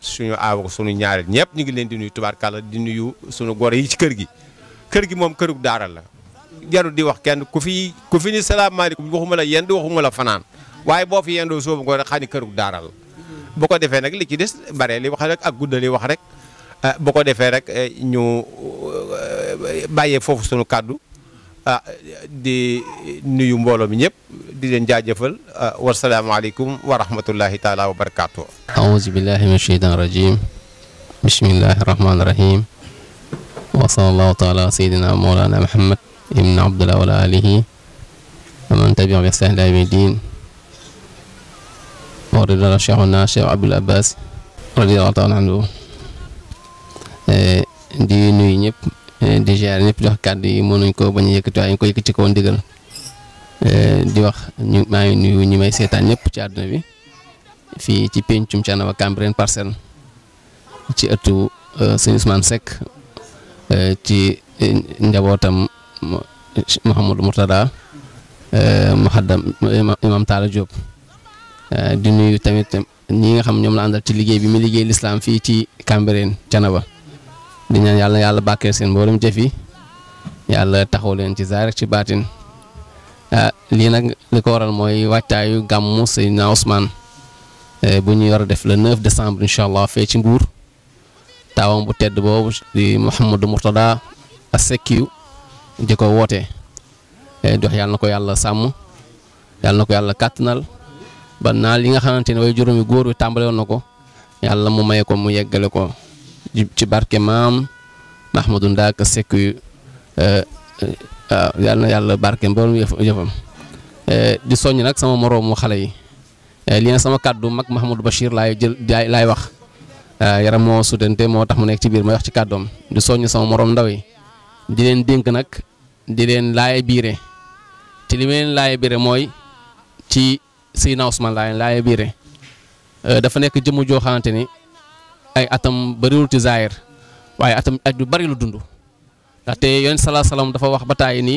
suñu aaw suñu ñaareel ñëpp ñu ngi leen di nuyu tubaarkàlla di nuyu sunu gor yi ci kër gi kër gi moom kërug daara la jarul di wax kenn ku fi ku fi ni salaamaaleykum waxuma la yenn waxuma la fanaan waaye boo fi yendoo soobu ngoon xani këru daara la bu ko defee nag li ci des bare li wax rek ak guddali wax rek ah, bu ko defee rek eh, ñu eh, bàyyee foofu sunu kàddu ah di nuyu mbooloo mi ñëpp di leen jaajëfal ah, wasalaamaaleykum wa rahmatullahi taala wa barakaatu aouzu billahi min sheytaan rajim bismillahi rahmaani rahim wa sallallahu taala sayyidina mawlana muhammad ibn abdullah wa ala alihi wa man tabi'a bi ihsan ila yawmi din وردنا شيخنا شيخ عبد العباس رضي الله تعالى عنه di nuyu ñëpp eh, di ziar ñëpp di wax kàddu yi mënuñ ko bañ a yëkkati waaye ñu ko yëkkati ko ndigal eh, di wax ñu maa ngi nuyu ñi may seetaan ñëpp ci àdduna bi fii ci pencum Thiénaba Cambérène Parcelles ci ëttu eh, sëñ Ousmane Seck ci njabootam Mouhamadou Mourtada Muhaddam Imam Talla Diop Euh, di nuyu tamit ñi nga xam ñoom la àndal ci liggéey bi mu liggéey lislaam fii ci Cambérène Thiénaba di ñaan yàlla yàlla bàkkee seen mboolem jëf yi yàlla taxaw leen ci zaar ci baatin ah, lii nag li ko waral mooy waajtaayu gàmmu Seydina Ousmane euh, bu ñuy war def le 9 décembre incha allah fee ci Mbuur taawam bu tedd boobu di Mouhamadou Mourtada Assekiyu di ko woote eh, dox yàlla na ko yàlla sàmm yàlla ko yàlla kàttanal ba naa li nga xamante ne way juróomi góor wi tàmbale na ko yàlla mu may ko mu yeggale ko ci barke maam Mahmadou Ndaaka Seck yu euh, euh, yàlla na yàlla barke mboolem yëfam euh, di soñ nag sama moroom moroomu xale yi li na sama kàddu mag Mahmadou Bachir laay jël laay wax yaram moo sutante moo tax mu nekk ci biir may wax ci kàddoom di soññ sama moroom ndaw yi di leen dénk nag di leen laay biire te li ma leen laay biire mooy ci Seydina Ousmane laa laay biire euh, dafa nekk jëmm joo xamante ni ay atam bëriwul ci zaahir waaye atam at yu bëri lu dund ndaxte yonent salaa salaam dafa wax ba taay ni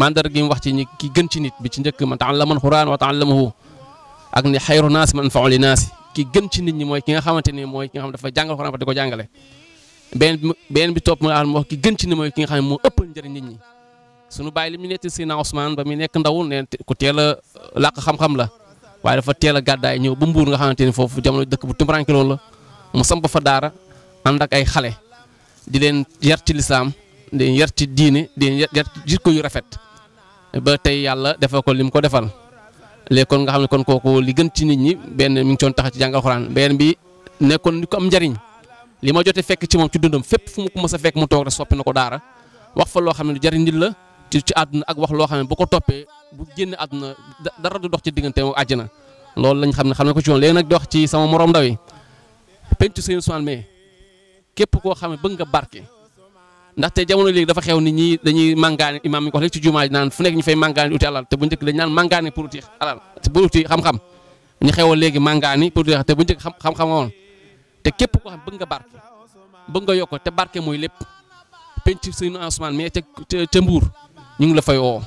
mandar gi mu wax ci ñi ki gën ci nit bi ci njëkk man ta'allama al-Qur'aan wa ta'allamahu ak ni xayru naas man anfa'u linnaas ki gën ci nit ñi mooy ki nga xamante ni mooy ki nga xam dafa jàngal Qur'aan fa di ko jàngale ki gën ci nit mooy ki nga xam ne moo ëpp njëriñ nit ñi sunu bay li mu netti sina na Ousmane ba mi nek ndawul ne ku teel eh, lak xam-xam la way dafa teel gaday ñew bu mbuur nga xamanteni fofu jamono dekk bu tumuranke loolu la mu samp fa dara ànd ak ay xalé di len yar ci lislaam di leen yar ci diine di leen yar ci jikko yu rafet ba tay yalla defal ko li ko defal le kon nga xamni kon koku li gën ci nit ñi ben mi ngi coon tax ci jàngal xuraan ben bi nekkoon ni ko am jariñ li ma jotee fekk ci mom ci dundum fépp fu mu ko mësa fekk mu tok rek soppi nako dara wax fa lo xamni jariñ nit la ci ci àdduna ak wax loo xam ne bu ko toppee bu génne àdduna dara du dox ci diggante moom na loolu lañ xam ne xam ne ko ci woon léegi nag dox ci sama morom ndaw yi pencu seen Ousmane koo xam ne bëgg nga barke ndaxte jamono léegi dafa xew nit ñi dañuy màngaane imaam mi ko wax léegi ci jumaa ji naan fu nekk ñu fay màngaane uti alal te bu njëkk dañ naan màngaane pour uti alal pour uti xam-xam ñu xewoon léegi màngaani pour uti te bu njëkk xam-xam woon te képp koo xam bëgg nga barke bëgg nga yokk te barke mooy lépp penc seen Ousmane mais ca ca Mbuur ñu ngi la fay woo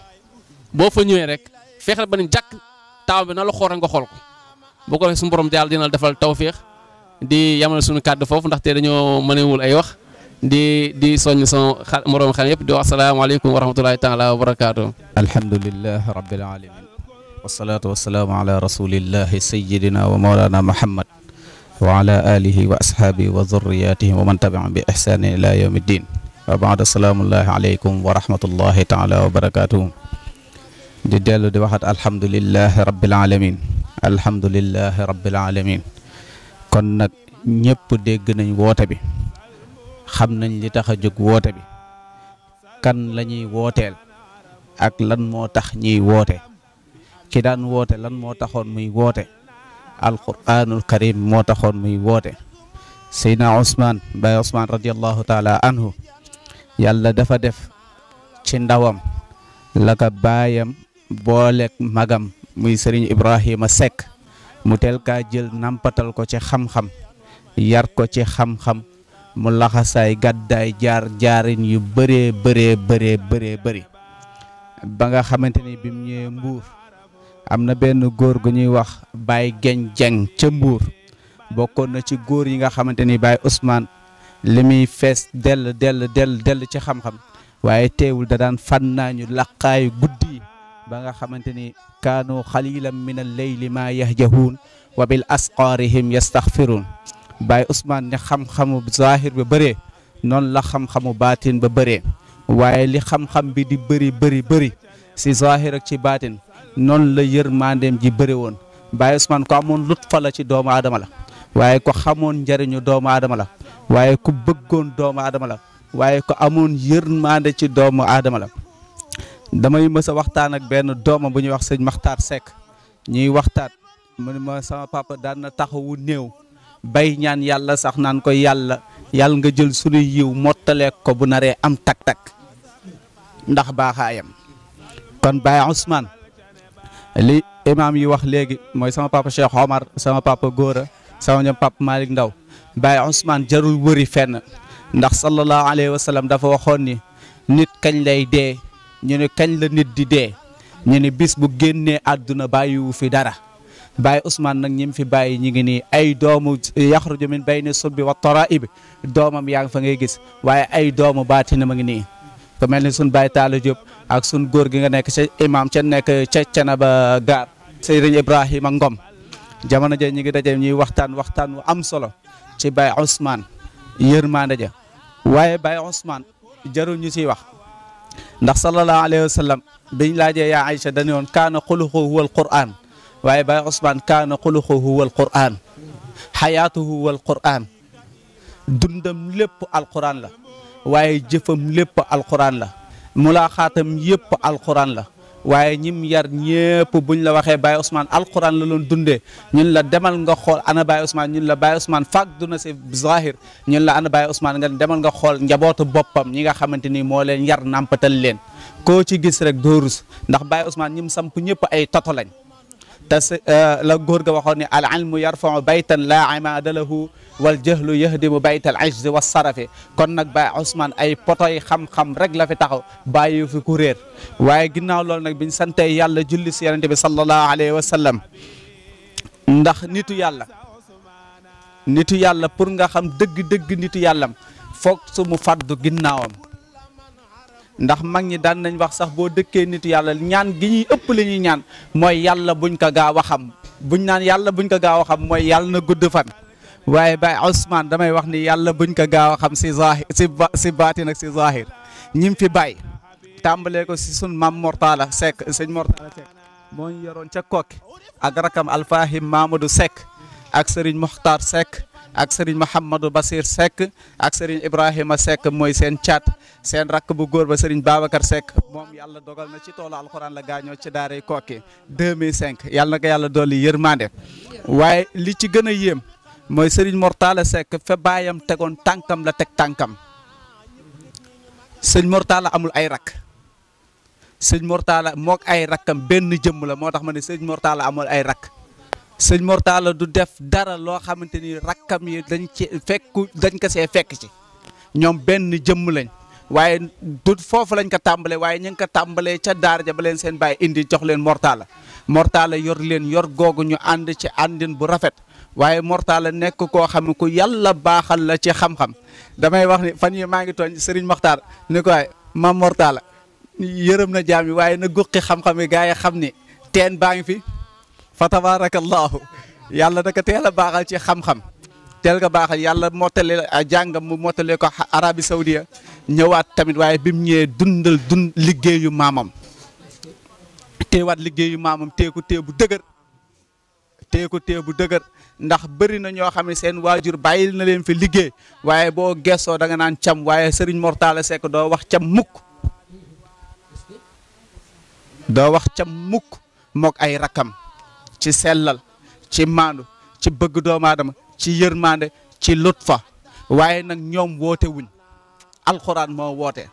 boo fa ñëwee rek fexeel ba ni jàkk taaw bi na la xool nga xool boo ko defee suñu borom daal dina la defal tawféex di yamal suñu kàddu foofu ndaxte dañoo mënewul ay wax di di soññ sama xa moroom xam yëpp di wax asalaamaaleykum wa rahmatulahi taala wa barakaatu. alhamdulilah rabbil alamin wasalaatu wasalaamu ala rasulillahi sayidina wa maulana muhammad wa bi ihsaanin ila yawmi ddin بعد السلام الله عليكم ورحمة الله تعالى وبركاته جدال دوحات الحمد لله رب العالمين الحمد لله رب العالمين كنا نيب ديغ ناني ووتو بي خام ناني لي تاخا جوغ ووتو بي كان لا ني ووتيل اك لان مو تاخ ني ووتو كي دان ووتو لان مو تاخون مي ووتو القران الكريم مو تاخون مي ووتو سيدنا عثمان باي عثمان رضي الله تعالى عنه yàlla dafa def ci ndawam la baayam booleek magam muy sëriñ Ibrahima sekk mu teel kaa jël nampatal ko ci xam-xam yar ko ci xam-xam mu laxasaay gàddaay jaar jaarin yu bëree bëree bëree bëree ba nga xamante ni bi mu ñëwee mbuur am na benn góor gu ñuy wax Baye Geñ ca mbuur bokkoon na ci góor yi nga xamante ni Baye Ousmane li muy del del del del dell ci xam-xam waaye teewul da daan fannaañu laqaayu guddi ba nga xamante ni kaanu xalilan min al leyli maa yahjahuun wa bil asqaarihim yastaxfiruun Baay Ousmane ne xam-xamu zahir ba bëree noonu la xam-xamu baatin ba bëree waaye li xam-xam bi di bëri bëri bëri si zahir ak ci baatin noonu la yërmandeem ji bëri woon Baay Ousmane ko amoon lut la ci doomu aadama la waaye ko xamoon njëriñu doomu aadama la waaye ku bëggoon doomu aadama la waaye ku amoon yërmande ci doomu aadama la damay mës waxtaan ak benn dooma bu ñuy wax sëñ Maxtaar Seck ñuy waxtaan mu ne ma sama na taxawu néew bay ñaan yàlla sax naan ko yàlla yàlla nga jël sunu yiw mottaleek ko bu naree am tak-tak ndax baaxaayam kon Baye Ousmane li imaam yi wax léegi mooy sama papa Cheikh Omar sama papa Gora sama ñoom papa Malick Ndaw bay Ousmane jarul wëri fenn ndax sallallahu alaihi Wasallam dafa waxoon ni nit kañ lay dee ñu ne kañ la nit di ñu ne bis bu génnee aduna bayu fi dara bay Ousmane nak ñim fi bay ñi ngi ni ay doomu yakhruju min bayni subbi wa taraib doomam yaang fa ngay gis waye ay doomu batina ma ngi ni ko melni sun bay talu Diop ak sun gor gi nga nek ci imam ci nekk ba gar Gaar ibrahim ak Ngom jamana je ñi ngi daje ñi waxtaan waxtaan am solo ci bay Ousmane yermane ja waye bay Ousmane jarul ñu ci wax ndax sallallahu alayhi wasallam biñ laaje ya Aisha dañu woon kaana xuluxuhu wal Qur'an waye bay Ousmane kana xuluxuhu wal Qur'an hayatuhu wal Qur'an dundam lépp alquran la waye jëfëm lépp alquran la mulaqatam yépp alquran la waaye ñim yar ñëpp buñ la waxee Baye Ousmane alquran la doon dundee ñun la demal nga xool ana Baye Ousmane ñun la Baye Ousmane fàgg na si zahir ñun la ana Baye Ousmane nga demal nga xool njabootu boppam ñi nga xamante ni moo leen yar nàmpatal leen koo ci gis rek doo rus ndax Baye Ousmane ñim samp ñëpp ay toto lañ te euh, la góor ga waxoon ne al ilmu yarfau baytan laa imaada lahu wal jahlu yahdimu bayt al ajzi wa sarafi kon nag Baye Ousmane ay potoy xam-xam rek la fi taxaw bàyyi fi ku réer waaye ginnaaw loolu nag biñ sante yàlla julli si yonente bi sallallahu alayhi wa sallam ndax nitu yàlla nitu yàlla pour nga xam dëgg-dëgg nitu yàllam foog su mu faddu ginnaawam ndax mag ñi daan nañ wax sax boo dëkkee nit yàlla ñaan gi ñuy ëpp li ñuy ñaan mooy yàlla buñ ko gaaw a xam buñ naan yàlla buñ ko gaaw a xam mooy yàlla na gudd fan waaye Baye Ousmane damay wax ni yàlla buñ ko gaaw a xam si zahir si si baatin ak si zahir ñim fi bàyyi tàmbalee ko si sun maam Mortala Seck sëñ Mortala Seck moo ñu yoroon ca kokki ak rakam Alfahim Mamadou Seck ak Serigne Mokhtar Seck ak sëriñ Mouhamadou Bassir Seck ak sëriñ Ibrahima sekk mooy seen caat seen rakk bu góor ba sëriñ Babacar Seck moom yàlla dogal na ci toolu alxuraan la gaañoo ci daaray Koki 2005 yàlla na ko yàlla dolli yërmande waaye li ci gën a yéem mooy sëriñ Mortala Seck fa baayam tegoon tànkam la teg tànkam sëñ Mortala amul ay rakk sëñ Mortala mook ay rakkam benn jëmm la moo tax ma ne sëñ Mortala amul ay rakk. sëñ Mortalla du def dara loo xamante ni rakkam yi dañ ci fekku dañ ko fekk ci ñoom benn jëmm lañ waaye du foofu lañ ko tàmbale waaye ñu ngi ko tàmbalee ca daar ja ba leen seen bàyyi indi jox leen Mortalla Mortalla yor leen yor googu ñu ànd ci àndin bu rafet waaye la nekk koo xam ku yàlla baaxal la ci xam-xam damay wax ni fan yi maa ngi tooñ Serigne Makhtar ni ko waaye ma Mortalla yërëm na jaam yi waaye na guqi xam-xam yi gaa yi xam ni teen baa ngi fi. fa tabaarakallaahu yàlla da ko teel a baaxal ci xam-xam teel ko baaxal yàlla mottale a ah, jàngam mu mottale ko Arabie Saoudia ñëwaat tamit waaye bi mu ñëwee dundal dund liggéeyu maamam teewaat liggéeyu maamam teeku tee bu dëgër teeku tee bu dëgër ndax bëri na ñoo xam ne seen waajur bàyyil na leen fi liggéey waaye boo gessoo da nga naan cam waaye Serigne Mortala Seck doo wax cam mukk doo wax cam mukk mook ay rakkam ci sellal ci maandu ci bëgg doomu aadama ci yërmande ci lutfa waaye nag ñoom woote wuñ alxuraan moo woote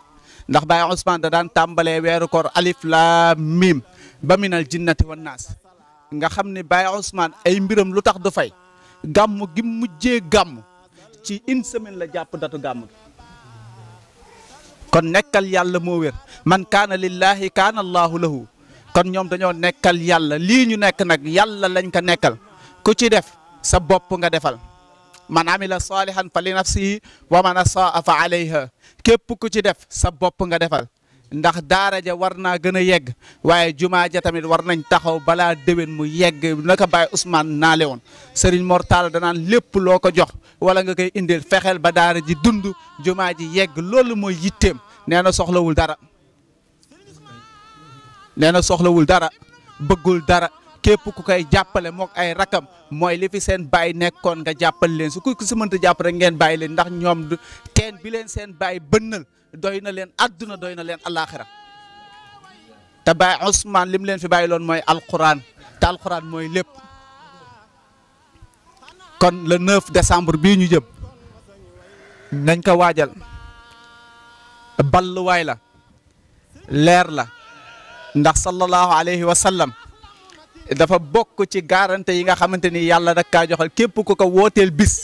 ndax Baye Ousmane da daan tàmbalee weeru koor alif laa mim ba minal jinnati wan naas nga xam ne Baye Ousmane ay mbiram lu tax du fay gàmm gi mujjee gàmm ci une semaine la jàpp datu gàmm kon nekkal yàlla moo wér man kaana lillahi kaana allahu lahu kon ñoom dañoo nekkal yàlla lii ñu nekk nag yàlla lañ ko nekkal ku ci def sa bopp nga defal man amila saalihan fa li nafsihi wa man asaa fa alayha képp ku ci def sa bopp nga defal ndax daara ja war naa gën a yegg waaye jumaa ja tamit war nañ taxaw bala déwén mu yegg naka Baye Ousmane naale woon Serigne Mor Talla danaan loo ko jox wala nga koy indil fexeel ba daara ji dund jumaa ji yegg loolu mooy yitteem nee na soxlawul dara nee na soxlawul dara bëggul dara képp ku koy jàppale mook ay rakam mooy li fi seen baay nekkoon nga jàppale leen su ko si mënta jàpp ngeen bàyyi leen ndax ñoom teen bi leen seen baay bënnal doy na leen àdduna doy na leen alaaxira te baay Ousmane lim leen fi bàyyi loon mooy alquran te alquran mooy lépp kon le 9 décembre bii ñu jëm nañ ko waajal balluwaay la leer la ndax sallallahu alayhi wa sallam dafa bokk ci gaarante yi nga xamante ni yàlla da kaa joxal képp ko ko wooteel bis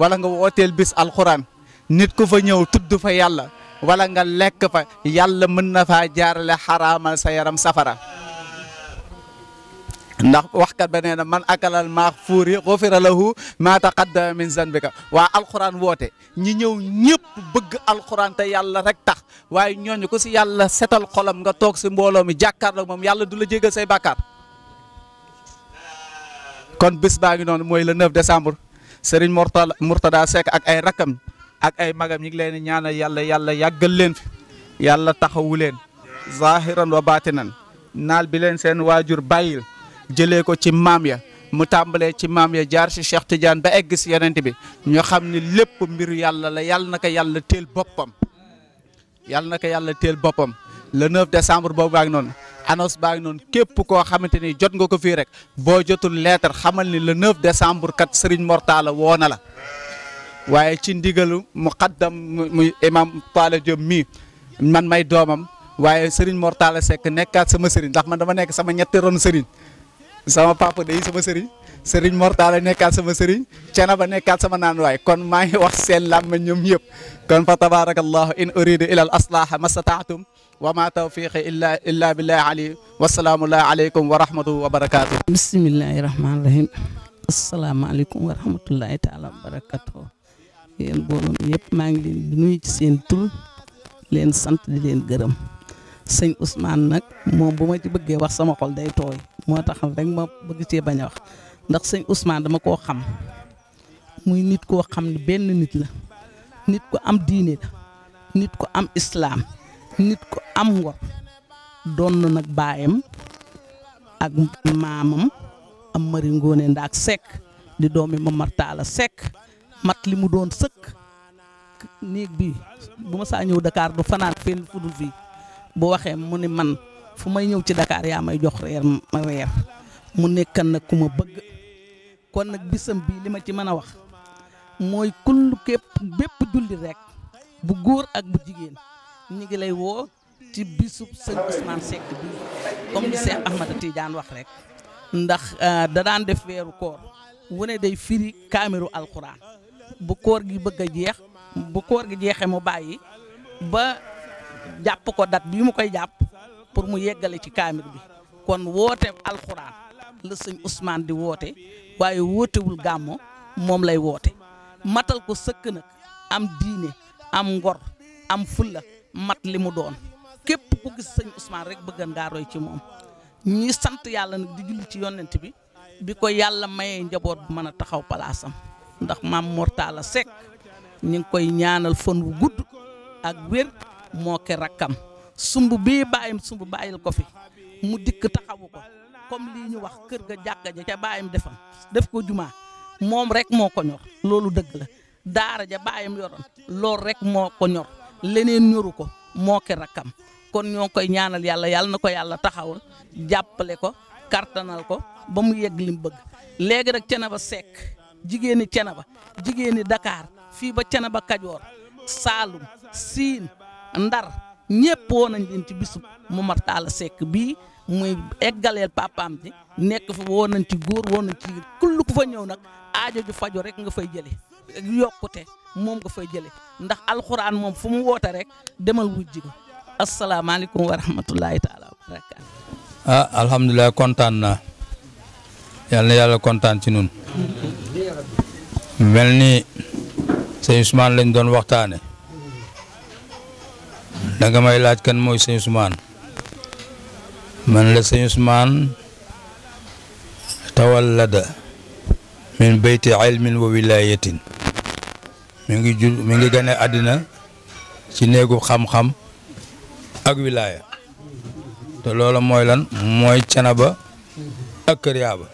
wala nga wooteel bis alxuraan nit ku fa ñëw tudd fa yàlla wala nga lekk fa yàlla mën na faa jaarale xaraamal sa yaram safara ndax waxkat ba nee na man akalal maax fuuri xufira lahu maa taqaddama min zanbika waa alxuraan woote ñi ñëw ñëpp bëgg alxuraan te yàlla rek tax waaye ñooñu ko si yàlla setal xolam nga toog si mbooloo mi jàkkaarloog moom yàlla du la jégal say bàkkaar kon bés baa ngi noonu mooy le 9 décembre Serigne Mourtada Mourtada Seck ak ay rakam ak ay magam ñi ngi leen di ñaanal yàlla yàlla yàggal leen fi yàlla taxawu leen zahiran wa baatinan naal bi leen seen waajur bàyyil jëlee ko ci maam ya mu tàmbalee ci maam ya jaar ci Cheikh Tidiane ba egg si yonent bi ñu xam ni lépp mbir yàlla la yàlla na ko yàlla teel boppam yàlla na ko yàlla teel boppam la 9 décembre boobu ak noonu annonce baa ngi noonu képp koo xamante ni jot nga ko fii rek boo jotul lettre xamal ni la 9 décembre kat Serigne Mortala woo na la waaye ci ndigalu mu muqaddam mu imam Talla Diop mii man may doomam waaye Serigne Mortala sekk nekkaat sama Serigne ndax ma dama nekk sama ñetti ron Serigne. sama papa day sama sëriñ sëriñ Mortala nekkaat sama sëriñ cena ba nekkaat sama naan waay kon maa ngi wax seen ñoom yëpp kon fa tabarakallahu in uridu ila al aslaha mastataatum wa ma tawfiqi illa illa billahi ali wasalaamullahi aleykum wa rahmatuhu wa barakatuh bismillahi rahmani rahim wa rahmatullahi taala wa barakatuh yéen boolum yëpp maa ngi leen di nuyu seen tur leen sant di leen gërëm sëñ usmaan nag moom bu ma ci bëggee wax sama xol day tooy moo tax rek ma bëgg cee bañ a wax ndax sëñ Ousmane dama koo xam muy nit koo xam ni benn nit la nit ko am diine la nit ko am islaam nit ko am ngor doon nag baayam ak maamam am mari ngoone ndaak sekk di doomi Momar Talla Seck mat li mu doon sëkk néeg bi bu ma saa ñëw Dakar du fanaan fenn fudul fii bu waxee mu ne man fu may ñëw ci Dakar yaa may jox reer ma reer mu nekkan nag ku ma bëgg kon nag bisam bii li ma ci mën a wax mooy kull képp bépp julli rek bu góor ak bu jigéen ñu ngi lay woo ci bisu sëñ Ousmane Seck bi comme li Cheikh Ahmada Tidiane wax rek ndax euh, da daan def weeru koor wane day firi kaamiru alxuraan bu koor gi bëgg a jeex bu koor gi jeexee mu bàyyi ba jàpp ko dat bi mu koy jàpp pour mu yeggale ci kaamil bi kon woote alxuraan la sëñ Ousmane di woote waaye wootewul gàmmo moom lay woote matal ko sëkk nag am diine am ngor am fulla mat li mu doon képp ku gis sëñ Ousmane rek bëgg ngaa ci moom ñuy sant yàlla nag di julli ci yonent bi bi ko yàlla mayee njaboot mën a taxaw palaasam ndax maam Mortala Seck ñu ngi koy ñaanal fon wu gudd ak wér moo ke rakkam sumb bii bàyyam sumb bàyyil ko fi mu dikk taxawu ko comme lii ñu wax kër ga jàkka ja ca bàyyam defam def ko jumaa moom rek moo ko ñor loolu dëgg la daara ja bàyyam yoroon loolu rek moo ko ñor leneen ñoru ko moo ke rakkam kon ñoo koy ñaanal yàlla yàlla na ko yàlla taxawal jàppale ko kartanal ko ba mu yegg li mu bëgg léegi rek Thiénaba Seck jigéeni Thiénaba jigéeni Dakar fii ba Thiénaba Kajoor Saalum Siin ndar ñëpp woo nañ leen ci bisub Momar Talla Seck bii muy eggaleel papaam ji nekk fa woo nañ ci góor woo nañ ci kull ku fa ñëw nag aajo ju fajo rek nga fay jëlee yokkute moom nga fay jële ndax alxuraan moom fu mu woote rek demal wujji ko asalaamaaleykum wa rahmatullahi taala wa barakaatu. ah kontaan naa yal na yàlla kontaan ci nun mel ni sëñ Ousmane lañ doon waxtaane danga may laaj kan mooy sëñ Ousmane man la sëñ Ousmane tawallada min bayti ilmin wa wilayatin mi ngi jur mi ngi gane àddina ci néegu xam-xam ak wilaya te loola mooy lan mooy canaba ak kër yaaba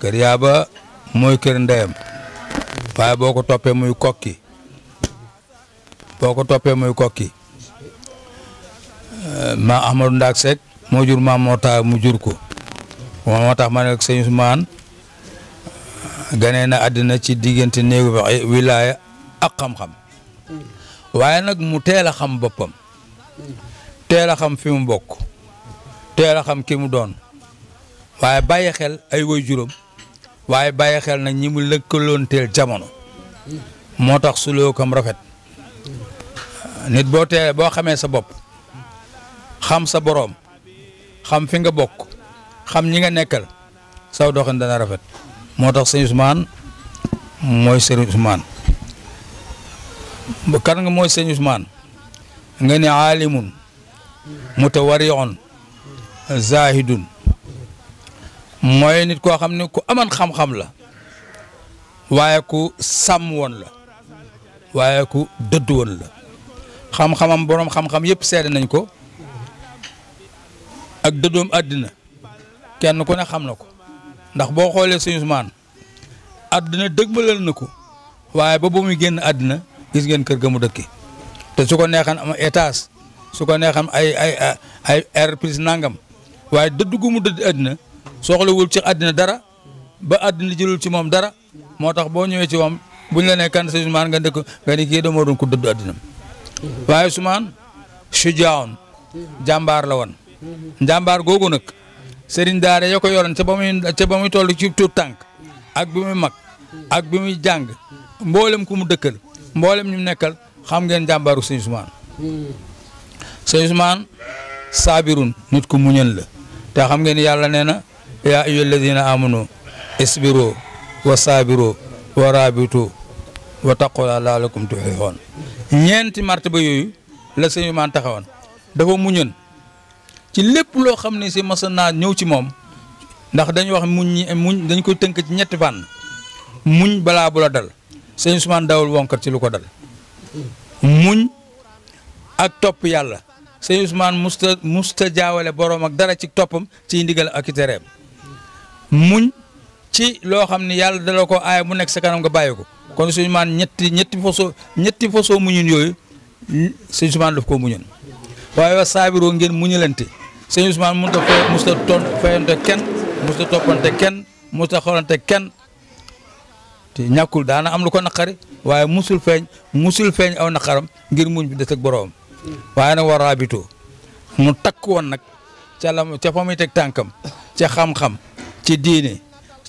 kër yaaba mooy kër ndeyam waaye boo ko toppee muy kokki boo ko toppee muy kokki euh, ma Ahmadou Ndaak Seck moo jur maam moo tax mu jur ko moo tax ma ne sëñ Ousmane euh, ganee na àddina ci diggante néegu bi eh, wilaaya ak xam-xam waaye nag mu teel a xam boppam teel a xam fi mu bokk teela xam ki mu doon waaye bàyyi xel ay woy waaye bàyyi xel nag ñi mu lëkkaloonteel jamono moo tax suloo kam rafet nit boo tee boo xamee sa bopp xam sa boroom xam fi nga bokk xam ñi nga nekkal saw doxin dana rafet moo tax sëñ Ousmane mooy sëñ Ousmane bu kan nga mooy sëñ Ousmane nga ne aalimun mutawariun zahidun mooy nit koo xam ne ku aman xam-xam la waaye ku sàmm woon la waaye ku dëdd woon la xam-xamam boroom xam-xam yëpp seede nañ ko ak dëddoom àddina kenn ku ne xam na ko ndax boo xoolee sëñ Ousmane àddina dëgmalal na ko waaye ba ba muy génn àddina gis ngeen kër ga mu dëkki te su ko neexan am étage su ko neexan ay ay ay air nangam waaye dëdd gu mu dëdd àddina soxlawul ci àddina dara ba àddina jëlul ci moom dara moo tax boo ñëwee ci moom buñ la nee kan sëñ Ousmane nga dëkk nga ni kii dama doon ko dëdd àddinam waaye Ousmane sujaawoon jàmbaar la woon jàmbaar googu nag sëriñ daara ya ko yoroon ca ba muy ca ba muy toll ci tuut tànk ak bi muy mag ak bi muy jàng mboolem ku mu dëkkal mboolem ñu nekkal xam ngeen jàmbaaru sëñ Ousmane sëñ Ousmane saabirun nit ku muñan la te xam ngeen yàlla nee na ya ayu alladina amanu isbiro wa saabiro wa raabito wa taqula laalakum tuxixoon ñeenti ba yooyu la sëñ Ousmane taxawoon dafa muñoon ci lépp loo xam ne si masa naa ñëw ci moom ndax dañu wax muñ muñ dañ koy tënk ci ñetti fànn muñ balaa bu la dal sëñ Ousmane dawul wonkat ci lu ko dal muñ ak topp yàlla sëñ Ousmane musta musta jaawale boroom ak dara ci toppam ci ndigal ak i muñ ci loo xam ne yàlla dala ko aaya mu nekk sa kanam nga bàyyi ko kon suñu maan ñetti ñetti façon ñetti façon muñun yooyu sëñ Ousmane daf koo muñun waaye wa saabiroo ngeen mu sëñ Ousmane mënut a fay mosut kenn mosut a toppante kenn mosut ñàkkul daana am lu ko naqari waaye musul feeñ musul feeñ aw naqaram ngir muñ bi des ak boroom waaye nag war raabitoo mu takk woon nag ca la ca tànkam ca xam-xam ci diine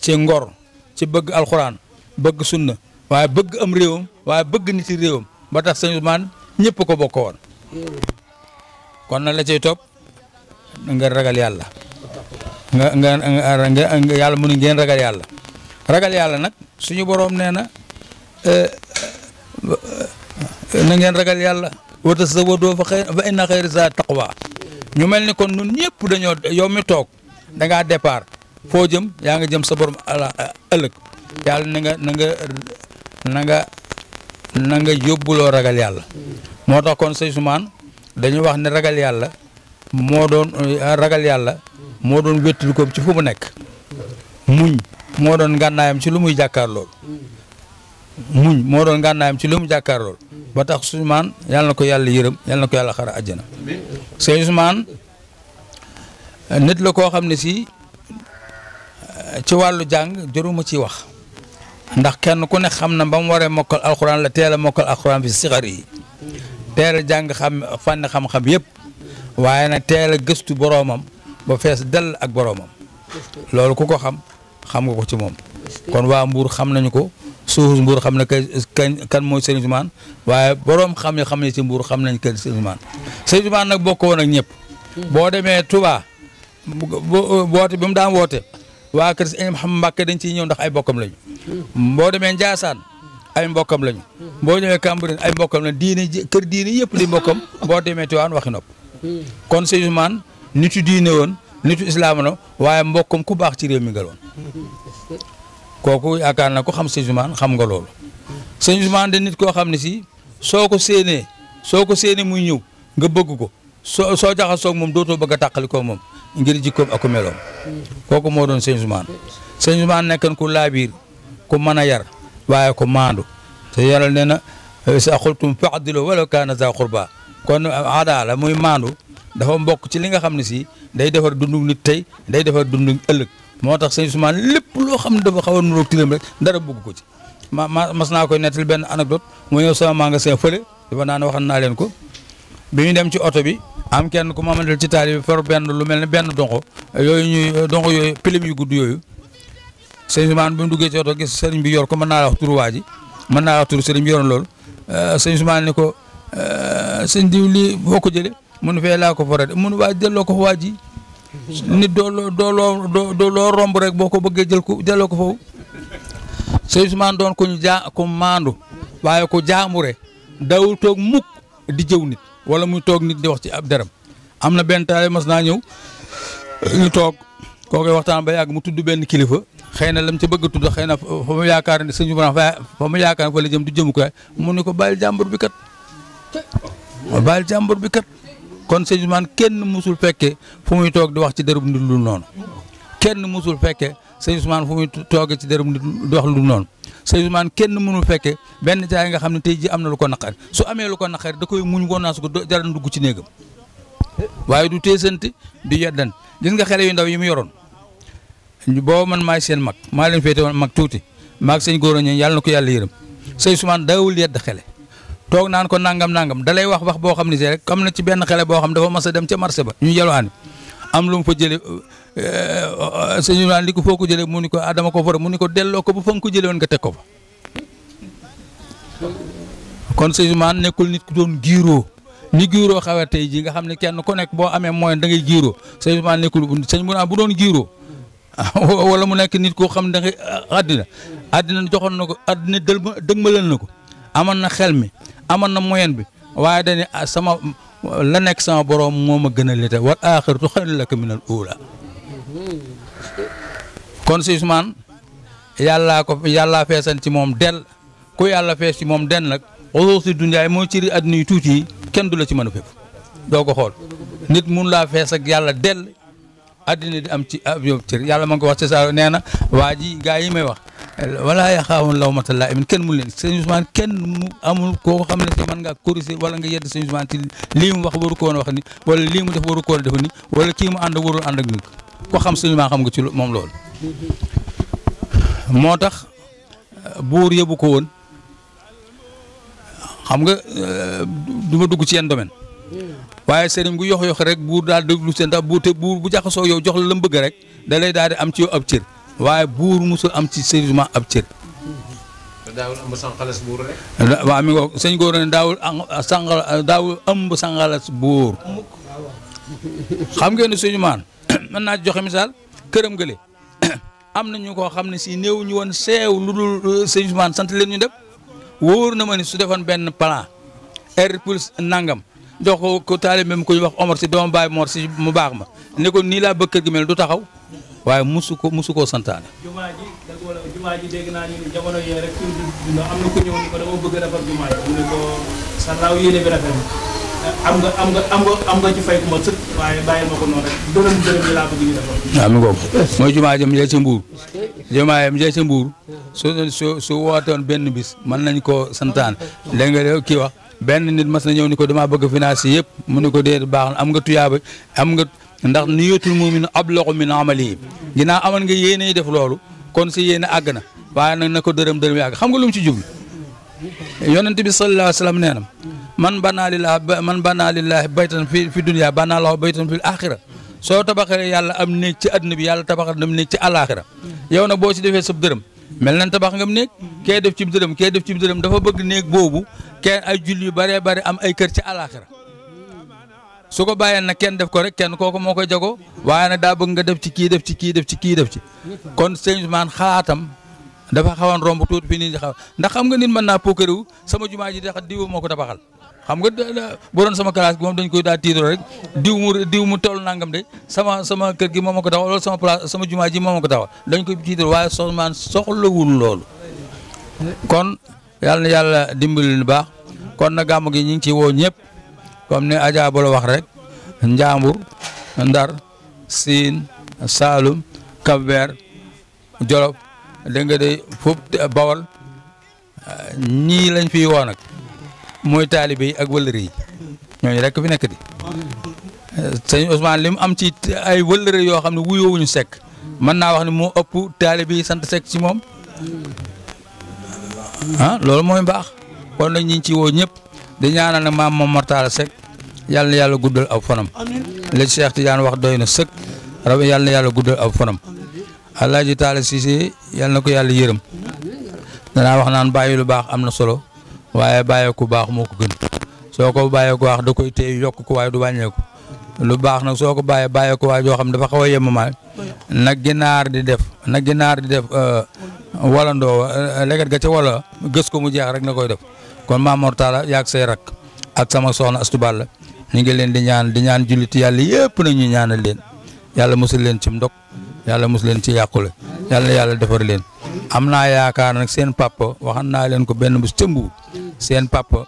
ci ngor ci bëgg alxuraan bëgg sunna waye bëgg am wa waye bëgg nit yi ba tax seigne Ousmane ñepp ko bokk won kon na la ci top nga ragal yalla nga nga nga yalla mënu ngeen ragal yalla ragal yalla nak suñu borom neena na eh, eh, na ngeen ragal yalla wa tasawwadu fa khayr fa inna xëyri sa taqwa ñu melni kon ñun ñepp dañoo yomi tok da nga départ foo jëm yaa nga jëm sa borom ala ëllëg yàlla na nga na nga na nga na nga yóbbuloo ragal yàlla moo tax kon say sumaan dañuy wax ne ragal yàlla moo doon eh, ragal yàlla moo doon wéttali ko ci fu mu nekk muñ moo doon ngànnaayam ci lu muy jàkkaar lool muñ moo doon ngànnaayam ci lu mu jàkkaar lool ba tax Usmaan yàlla na ko yàlla yërëm yàlla na ko yàlla xara àjjana Sey Usmaan nit la koo xam ne si ci wàllu jàng jëruma ciy wax ndax kenn ku ne xam na ba mu waree mokkal alxuraan la teel a mokkal alxuraan bi sixar yi teel a jàng xam fànn xam-xam yëpp waaye nag teel a gëstu boroomam ba fees dell ak boroomam loolu ku ko xam xam nga ko ci moom kon waa Mbuur xam nañu ko suuf Mbuur xam na kan kan mooy Sëriñ Ousmane waaye boroom xam yi xam ne ci Mbuur xam nañ kenn Sëriñ Ousmane Sëriñ Ousmane nag bokk woon ak ñëpp boo demee Touba woote bi mu daan woote waa kër si imam Mbàkke dañ ciy ñëw ndax ay bokkam lañu boo demee Njaasaan ay mbokkam lañu boo demee Cambérène ay bokkam lañu diine kër diine yëpp di mbokkam boo demee Tiwaan waxi nopp kon Sëñ Ousmane nitu diine woon nitu islaam na waaye mbokkam ku baax ci réew mi nga woon kooku yaakaar na ko xam Sëñ Ousmane xam nga loolu Sëñ Ousmane de nit koo xam ne si soo ko séenee soo ko séenee muy ñëw nga bëgg ko soo soo jaxasoo ak moom dootoo bëgg a tàqali ko moom ngir jikkoom ak meloom kooku moo doon sëñ Ousmane sëñ Ousmane ko ku laabiir ko mën a yar waaye ko maandu te ne nee na sa xultum fa'dilu walaw kaana za qurba kon adaala muy maandu dafa mbokk ci li nga xam ne si day defar dundu nit tey day defar dundu ëllëg moo tax sëñ Ousmane lépp loo xam ne dafa xaw a nuroog tilim rek dara bëgg ko ci ma mas naa koy nettali benn anecdote mu ñëw sama maa nga seen fële dafa naan waxan naa leen ko bi ñu dem ci oto bi am kenn ku ma amantal ci taali bi for benn lu mel ne benn donko yooyu ñuy donko yooyu pilim yu gudd yooyu sëñ Ousmane bi mu duggee ci oto gis sëriñ bi yor ko mën naa la wax turu waa mën naa la wax turu sëriñ bi yoroon loolu euh, ni ko euh, sëñ diw lii foo ko jëlee mun fee laa ko ko waa ji nit dooloo romb rek boo ko bëggee jël ko delloo ko foofu sëñ Ousmane doon ko ñu jaa maandu waaye ko jaambure dawul toog mukk di jëw nit wala muy toog nit di wax ci ab deram am na benn taale mas naa ñëw ñu toog kookee waxtaan ba yàgg mu tudd benn kilifa xëy na lam ci bëgg tudd xëy na fa mu yaakaar ne sëñ Ibrahima fa mu yaakaar ne fa la jëm du jëm ko mu ne ko bàyyil jàmbur bi kat bàyyil jàmbur bi kat kon sëñ Ousmane kenn musul fekkee fu muy toog di wax ci dërëm nit lu noonu kenn musul fekkee sëñ Ousmane fu muy toogee ci dërëm nit di wax lu noonu Sëñ Ousmane kenn mënul fekke benn jaay nga xam ne tey ji am na lu ko naqari su amee lu ko naqari da koy muñ woon naa su ko dara dugg ci néegam waaye du teesanti du yeddan gis nga xale yu ndaw yi mu yoroon booba man maay seen mag maa leen féete woon mag tuuti maag sëñ góor ñi yàlla na ko yàlla yërëm Sëñ Ousmane daawul yedd xele toog naan ko nangam nangam dalay wax wax boo xam ne si rek am na ci benn xale boo xam dafa mas a dem ca marché ba ñu yalwaani Eh, sëñ bi li ko foo ko jële mu ni ko ah dama ko for mu ni ko delloo ko ba fa nga ko jëlee woon nga teg ko fa kon sëñ Ousmane nekkul nit ku doon giiroo ni giiroo xawee tey jii nga xam ne kenn ku nekk boo amee moyen da ngay giiroo sëñ Ousmane nekkul sëñ bu naan bu doon giiroo wala mu nekk nit koo xam ne da ngay eh, àddina àddina joxoon na ko àddina dëgmalal na ko aman na xel mi aman na moyen bi waaye dañuy ah, sama la nekk sama borom moo ma gën a lite wal aaxiratu xayrun laka minal kon si yàllaa ko yàllaa feesan ci moom del ku yàlla fees ci moom den nag wala si dundaay moo ciri àdduna yu tuuti yi kenn du la ci mën a doo ko xool nit mun laa fees ak yàlla del àddina di am ci ab ah, yow cër yàlla ma ko wax ci saa nee waa ji gaa yi may wax wala yaxaawoon law matala imin kenn mu leen sëñ kenn mu amul koo xam ne si mën ngaa corriger wala nga yedd sëñ Ousmane lii mu wax waru ko wax ni wala lii mu def waru ko ni wala kii mu ànd warul ànd ak nit ko xam suñu maa xam nga ci moom loolu moo tax euh, buur yëbu ko woon xam nga euh, du ma dugg ci yenn domaine waaye sëriñ bu yox yox rek buur daal déglu seen ndax buur te buur bu jaxasoo yow jox la la bëgg rek da daal di am ci yow ab cër waaye buur musul am ci sérieusement ab cër. daawul ëmb sànqalas buur rek. waaw mi ngi ne daawul sànqal daawul buur xam ngeen ne mën naa joxe misaal këram gële am na ñu ko xam ne si néew ñu woon seew lu dul euh, sëñ Ousmane sant leen ñu def wóor na ma ni su defoon benn plan air plus nangam jox ko ko taalibeem ku ñu wax Omar si doomu baay Mor si mu baax ma ne ko nii laa bëgg kër gi mel du taxaw waaye musu ko musu koo santaane. jumaa na ku am nga am nga am nga am nga ci fay ku ma sëkk waaye bàyyi ma ko noonu rek dërëm dërëm yi laa bëgg ñu defoon. waaw mi ngi ko mooy jumaa jëm jëy sa mbuur jumaa jëm jëy sa mbuur su su su wootoon benn bis mën nañ koo santaan dégg nga kii wax benn nit mas na ñëw ni ko damaa bëgg financé yëpp mu ne ko déet baax na am nga tuyaaba am nga ndax niyyatul mu'min ablagu min amalihi ginnaaw amoon nga yéenay def loolu kon si yéen àgg na waaye nag na ko dërëm dërëm yi àgg xam nga lu mu ci jublu yonent bi sallallahu alayhi wa sallam nee na man banaa lillah man banaa lillahi baytan fi fi dunya banaa lahu baytan fil axira soo tabaxalee yàlla am néeg ci àdduna bi yàlla tabaxal na mu néeg ci alaxira yow na boo ci defee sab dërëm mel nañ tabax ngam néeg kee def ci dërëm kee def ci dërëm dafa bëgg néeg boobu kenn ay julli yu bëree bëri am ay kër ci alaxira su ko bàyyee nag kenn def ko rek kenn kooku moo koy jago waaye nag daa bëgg nga def ci kii def ci kii def ci kii def ci kon sëñ Ousmane xalaatam dafa xawoon romb tuuti fi nit ñi xaw ndax xam nga mën naa puukariwu sama jumaa ji dexa diwu moo ko tabaxal xam nga boron sama classe mom dañ koy da titre rek diw mu diw mu tol nangam de sama sama keur gi momako taw lol sama place sama juma ji momako taw dañ koy titre waye soxman soxlawul lol kon yalla na yalla dimbali lu bax kon na gamu gi ñing ci wo ñep comme ni aja bolo wax rek njambur ndar sin salum kabber jorop de nga de fop bawal ñi lañ fi wo nak mooy taalibe yi ak wëllëre yi ñooñu rek fi nekk di sëñ Ousmane li am ci ay wëllëre yoo xam ne wuyoowuñu sekk mën naa wax ne moo ëpp taalibe yi sant sekk ci moom ah, loolu mooy baax kon nag ñi ci woo ñëpp di ñaanal ne maam moom Mortala Seck yàlla na yàlla guddal ab fanam la Cheikh Tidiane wax doy na sëkk rab yàlla na yàlla guddal ab fanam Alaaji Taala Cissé yàlla na ko yàlla yërëm danaa wax naan bàyyi lu baax am na solo. waaye bàyyee ku baax moo ko gën soo ko bàyyee ku baax da koy téye yokk ko waaye du wàññeeku lu baax nag soo ko bàyyee bàyyee ko waaye joo xam dafa xaw a yemamaay na ginaar di def na ginaar di def euh, walandoo euh, leget ga ca wala gës ko mu jeex rek na koy def kon Maam Mor Talla yaag say rak ak sama soxna astubal la ñu ngi leen di ñaan di ñaan julliti yàlla yëpp na ñu ñaanal leen yàlla musul leen ci ndog yàlla musul leen ci yàqule yàlla yàlla defar leen am naa yaakaar nag seen papa waxan naa leen ko benn bu tëmb seen pappa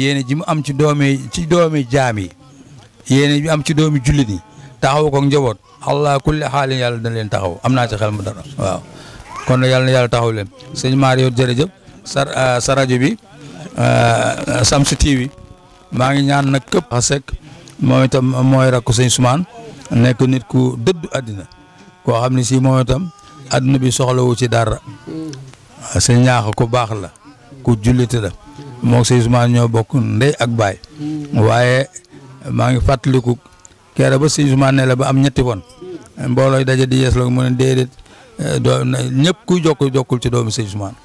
yéene ji mu am ci doomi ci doomi jaam yi yéene bi am ci doomi jullit yi taxaw ko njaboot allah kulli xaalin yàlla dana leen taxaw am naa ci xel mu dara waaw kon yàlla na yàlla taxaw leen sëñ Mario jërëjëf sa ah, sa rajo bi ah, Samsu TV maa ngi ñaan nag képp a sekk moom itam mooy rakku sëñ Sumaan nekk nit ku dëdd àddina koo xam ne si moom itam adduna bi soxlawu ci dara mm. sëñ ñaax ku baax la ku jullit la moog sëñ ñoo bokk ndey ak baay mm. waaye maa ngi fàttaliku keroog ba sëñ Ousmane ne la ba am ñetti woon mm. mboolooy daje di yees la mu ne déedéet eh, doo ñëpp kuy jokk jokkul ci doomu sëñ Ousmane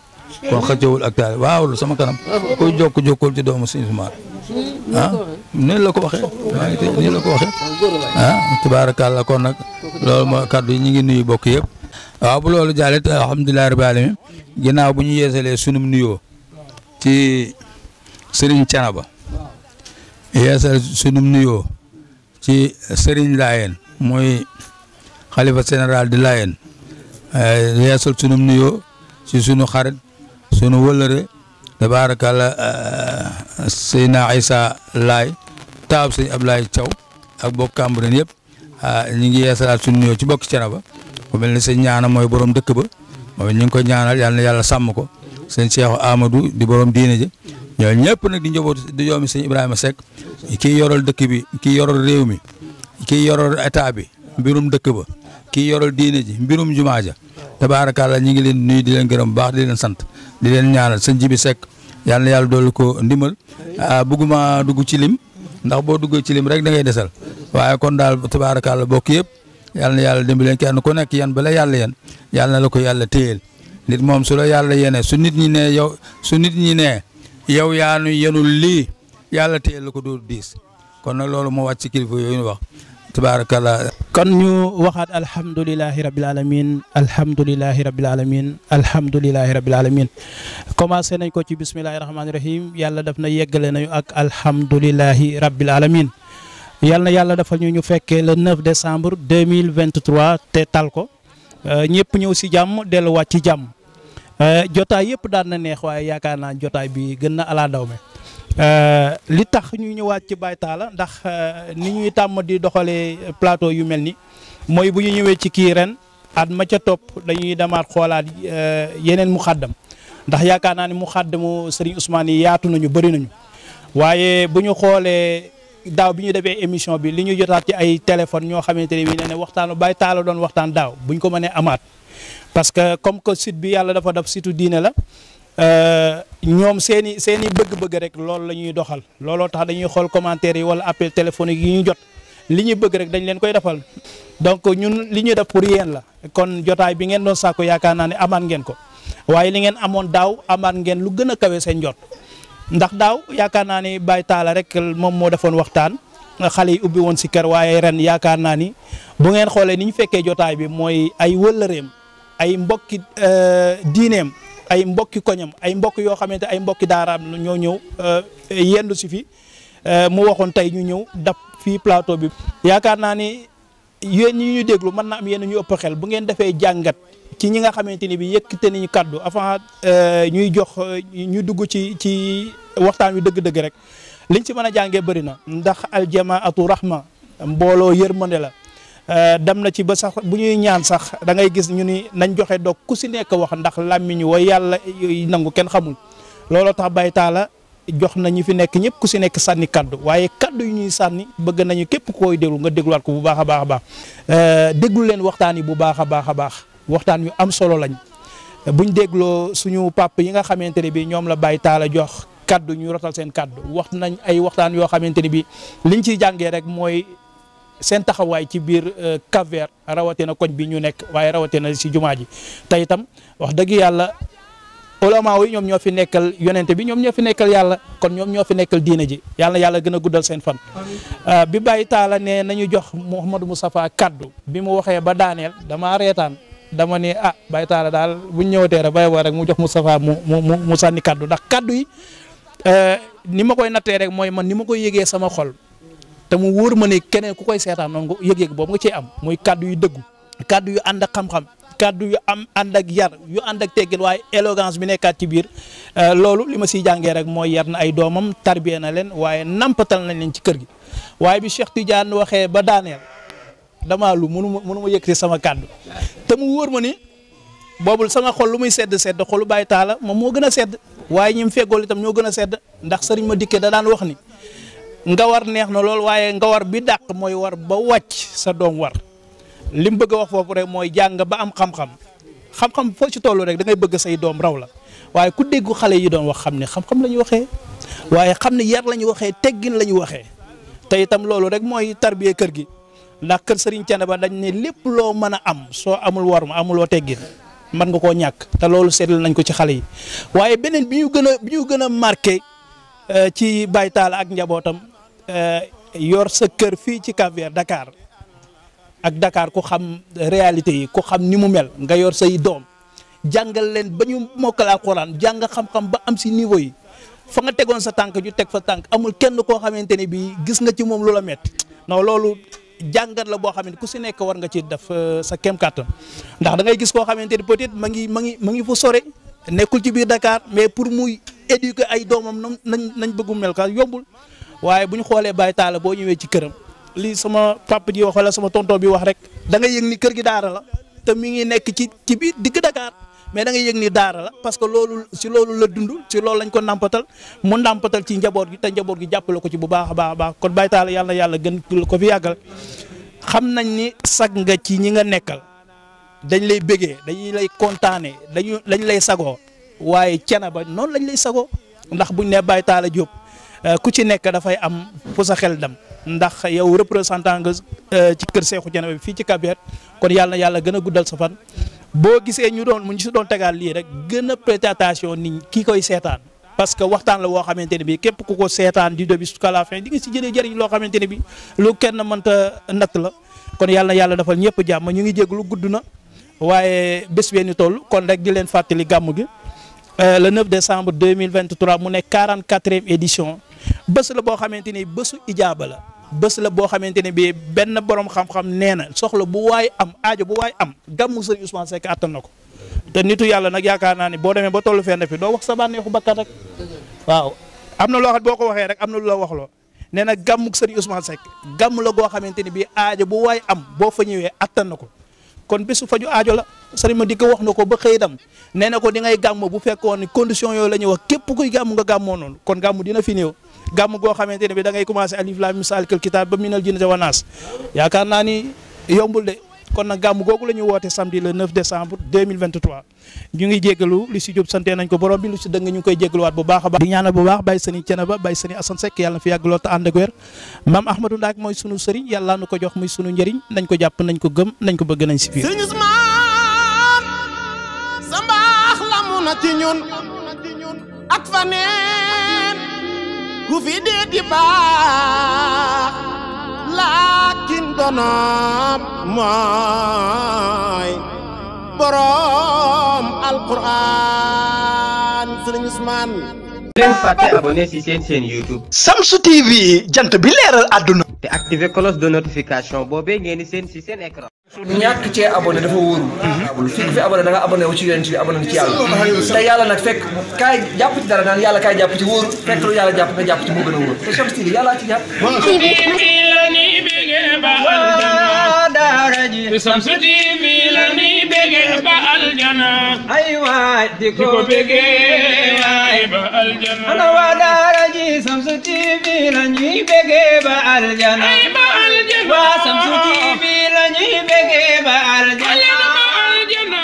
kon xëccewul ak taal waaw sama kanam oh. kuy jokk jokkul ci doomu sëñ hmm, ah, nii la ko waxee nii la ko waxee oh, ah, kon nag loolu mooy kàddu yi ñu ngi nuyu bokk yëpp. waaw loolu jàllit alhamdulilah rabbi alamin ginnaaw bu ñu yeesalee sunum nuyoo ci sëriñ Canaba yeesal sunum ci sëriñ Laayeen mooy xalifa général di Laayeen eh, yeesal sunum nuyoo ci sunu xarit sunu wëlëre tabaarakalla eh, Seyna Issa Laay taab ab Ablaye Thiaw ak bokk Cambérène yëpp ah, ñu ngi yeesalaat sunu nuyoo ci bokk Canaba mel ni sëñ ñaana mooy borom dëkk ba moom ñu ngi ko ñaanal yàlla na yàlla sàmm ko sëñ Cheikh Amadou di borom diine ji ñoo ñëpp nag di njabootu di yoomi sëñ Ibrahima Seck kii yoral dëkk bi kii yoral réew mi kii yoral état bi mbirum dëkk ba kii yoral diine ji mbirum jumaa ja tabaarakàlla ñu ngi leen nuyu di leen gërëm baax di leen sant di leen ñaanal sëñ Jibi Seck yàlla na yàlla doolu ko ndimbal ah, bëgguma dugg ci lim ndax boo duggee ci lim rek da ngay desal waaye kon daal tabaarakàlla bokk yàlla na yàlla dimbali leen kenn ku nekk yan bala yàlla yéen yàlla na la ko yàlla téyel nit moom su la yàlla yéene su nit ñi ne yow su nit ñi ne yow yaa nu yenul lii yàlla téyel la ko dóor diis kon nag loolu moo wàcc ci kilifa yooyu ñu wax tabaarakallah kon ñu waxaat alhamdulilahi rabil alamin alhamdulilahi rabil alamin alhamdulilahi rabil alamin commencé nañ ko ci bismillahi rahmaani rahim yàlla daf na yeggale nañu ak alhamdulilahi rabil alamin yal na yàlla dafa ñu ñu fekkee le 9 décembre 2023 te tal ko euh, ñëpp ñëw si jàmm delluwaat ci jàmm euh, jotaay yëpp daan na neex waaye yaakaar naa jotaay bi gën na alaa daw euh, li tax ñu ñëwaat ci baytaala ndax ni ñuy tàmm di doxalee plateau yu mel ni mooy bu ñu ñëwee ci kii ren at ma ca topp dañuy demaat xoolaat yeneen mu xàddam ndax yaakaar naa ne mu xàddamu Serigne Ousmane yi yaatu nañu bëri nañu waaye bu ñu xoolee daaw bi ñu defee émission bi li ñu jotaat ci ay téléphone ñoo xamante ne bii ne waxtaanu Baye taala doon waxtaan daaw bu ñu ko mënee amaat parce que comme que site bi yàlla dafa def situ diine la euh, ñoom seen i seen i bëgg-bëgg rek loolu la ñuy doxal looloo tax dañuy xool commentaire yi wala appel téléphonique yi ñu jot li ñuy bëgg rek dañ leen koy defal donc ñun li ñu def pour yéen la kon jotaay bi ngeen doon sàkku yaakaar naa ne amaat ngeen ko waaye li ngeen amoon daaw amaat ngeen lu gën a kawe seen jot ndax daw yakarna ni Baye taala rek mom mo defone waxtan xale ubbi woon si kër waaye ren yakarna ni bu ngeen xoolee niñ fekke fekkee jotaay bi moy ay wëllëreem ay mbokki euh, diineem ay mbokki koñam ay mbokk yo xamante ay mbokki daaraam ñoo euh yendu ci fi euh, mu waxon tay ñu ñew dab fi plateau bi yakarna ni yeen ñi ñu man na am yeen ñu ëpp xel bu ngeen defé jangat ci ñi nga xamante ni bi kaddu nañu kàddu avant euh, ñuy jox euh, ñu dugg ci ci waxtaan yu dëgg-dëgg rek liñ ci mëna jàngé bari na ndax jamaatu rahma mbolo yërmande la euh, dam na ci ba sax bu ñuy ñaan sax da ngay gis ñu ni nañ joxé doog ku ci nekk wax ndax lamiñu wa yàlla nangu kenn xamul looloo tax bay taala jox na ñi fi nekk ñepp ku ci nekk sanni kaddu waye kaddu yu ñuy sanni bëgg nañu képp koy déglu nga ko bu baax baax euh déglu leen waxtaan bu baaxa baaxa baax waxtaan yu am solo lañ buñ dégloo suñu papa yi nga xamante ne bi ñoom la Baye Talla jox kaddu ñu rotal seen kaddu wax nañ ay waxtaan yoo xamante ne bi liñ ciy jàngee rek mooy seen taxawaay ci biir euh, Cap-Vert koñ bi ñu nekk waaye rawatina si jumaa ji tey itam wax dëgg yàlla ulama yi ñoom ñoo fi nekkal yonente bi ñoom ñoo fi nekkal yàlla kon ñoom ñoo fi nekkal diine ji yàlla yàlla gën a guddal seen fan euh, bi Baye Talla ne nañu jox Mouhamadou Moustapha kaddu bi mu waxee ba daaneel dama reetaan dama ni ah bay taala daal bu ñu ñëwatee ra Baye wa rek mu jox mustafa mu mu mu sànni kaddu ndax kaddu yi eh, ni ma koy naté rek moy man ni ma koy yëgee sama xol te mu woor ma ne keneen ku koy sétan non yëg-yëg boobu nga ci am moy kaddu yu dëggu kaddu yu and ak xam-xam kaddu yu am and ak yar yu and ak teggin way élégance bi nekkaat ci biir eh, loolu li ma siy jàngee rek moy yar na ay domam tarbiye na len waye nampatal nañ len ci kër gi waye bi Cheikh Tidiane waxé ba daniel dama lu munu mo yekri sama kaddu te mu wóor ma ni bobul sama xol lu muy sedd sedd xolu bàyyi taala mom mo gëna sedd waye ñim fegol itam ño gëna sedd ndax sëriñ ma dikkee da daan wax ni nga war neex na lool waye nga war bi dakk moy war ba wacc sa doom war lim bëgg wax fofu rek moy jang ba am xam-xam xam-xam fo ci tollu rek da ngay bëgg say doom raw la waye ku déggu xalé yi doon wax xam xam-xam lañu waxé waye xam yar lañu waxé teggin lañu waxé tay itam rek moy tarbiyé kër gi ndax keur Serigne ba dañ ne lepp lo meuna am so amul war amul amuloo teggin man nga ko ñak ta lolu seetal nañ ko ci xalé yi waye benen biñu gëna biñu gëna euh, ci Baye ak euh, yor sa keur fi ci Cap Dakar ak Dakar ku xam réalité yi ku xam ni mu mel nga yor say dom jangal len bañu mokal alcorane jang xam-xam ba am ci niveau yi fa nga sa tank ju tek fa tank amul kenn ko xamanteni bi gis nga ci mom lula met non lolu jàngat la boo xam ne ku si nekk war nga ci def euh, sa kem kàttan ndax da ngay gis koo xamante ni peut-être ma ngi ma ngi ma ngi ci biir Dakar mais pour muy éduquer ay doomam nañ nañ bëggu mel ka yombul waaye bu ñu xoolee Baye Talla boo ñëwee ci këram li sama papa ji wax wala sama tonton bi wax rek da ngay yëg ni kër gi daara la te mi ngi nekk ci ci biir Dakar. mais da ngay yëg ni daara la parce que loolu si loolu la dund si loolu lañ ko nàmpatal mu nàmpatal ci njaboot gi te njaboot gi jàppale ko ci bu baax a baax a baax kon Baye Talla yàlla yàlla gën ko fi yàggal xam nañ ni sag nga ci ñi nga nekkal dañ lay bégee dañuy lay kontaanee dañu dañ lay sagoo waaye cena ba noonu lañ lay sago ndax buñ ne Baye Talla Diop euh, ku ci nekk dafay am fu sa xel dem ndax yow représentant nga euh, ci kër Seexu Cena bi fii ci Cap Vert kon yàlla yàlla gën a guddal sa fan boo gisee ñu doon mu ñu si doon tegaat lii rek gën a prêter attention nit ki koy seetaan parce que waxtaan la woo xamante ne bi képp ku ko seetaan du début jusqu'à la fin di nga si jëlee jëriñ loo xamante ne bi lu kenn mënta natt la kon yàlla yàlla defal ñëpp jàmm ñu ngi jéglu gudd na waaye bés bee ni toll kon rek di leen fàttali gàmm gi euh, le 9 décembre 2023 mu ne 44e édition bés la boo xamante ni bésu ijaaba la bës la boo xamante ne bii benn borom xam-xam nee na soxla bu waay am aajo bu waay am gàmmu sëriñ Ousmane Seck attan na ko te nitu yàlla nag yaakaar naa ne boo demee ba tollu fenn fi doo wax sa bànneexu bakkan rek waaw am na loo boo ko waxee rek am na lu la wax loo nee na gàmmug sëriñ Ousmane Seck gàmmu la goo xamante ne bii aajo bu waay am boo fa ñëwee attan na ko kon bésu faju aajo la sëriñ ma di ko wax na ko ba xëy dam nee na ko di ngay gàmm bu fekkoon ne condition yooyu la ñuy wax képp kuy gàmm nga gàmmoo noonu kon gàmmu dina fi néew Gamu go xamanteni bi da ngay commencer alif laam miim saalikal kitaab ba minal jinna wa nas yakar na ni yombul de kon na gàmm gogu lañu wote samedi le 9 décembre 2023 ñu ngi jéggelu li ci job santé nañ ko borom bi lu si nga ñu koy jéggelu wat bu baax a baax di ñaanal bu baax bay sëni Cenaba bàyyi sëni Assane Seck yàlla na fi ak mam Ahmadou ndak moy sunu sëriñ yalla nu jox muy sunu njëriñ nañ ko japp nañ ko gëm nañ ko bëgg nañ ci fi usman akhlamuna ci ñun ak ku fi dee di baax laakin donoom mooy boroom alquran sëriñ Usmaan leen fàtte abonné ci seen seen YouTube Samsu TV jant bi leeral àdduna te activé cloche de notification boobee ngeen di seen si seen écran ñàkk cee abonné dafa wóoru fi ku fi da nga abonné wu ci yonent bi abonné ci yàlla te yàlla nag fekk kaay jàpp ci dara naan yàlla kaay jàpp ci wóoru fekk lu yàlla jàpp nga jàpp ci moo gën a wóor te Shamsu TV yàlla la ni bégee ba aljana bege ba arjana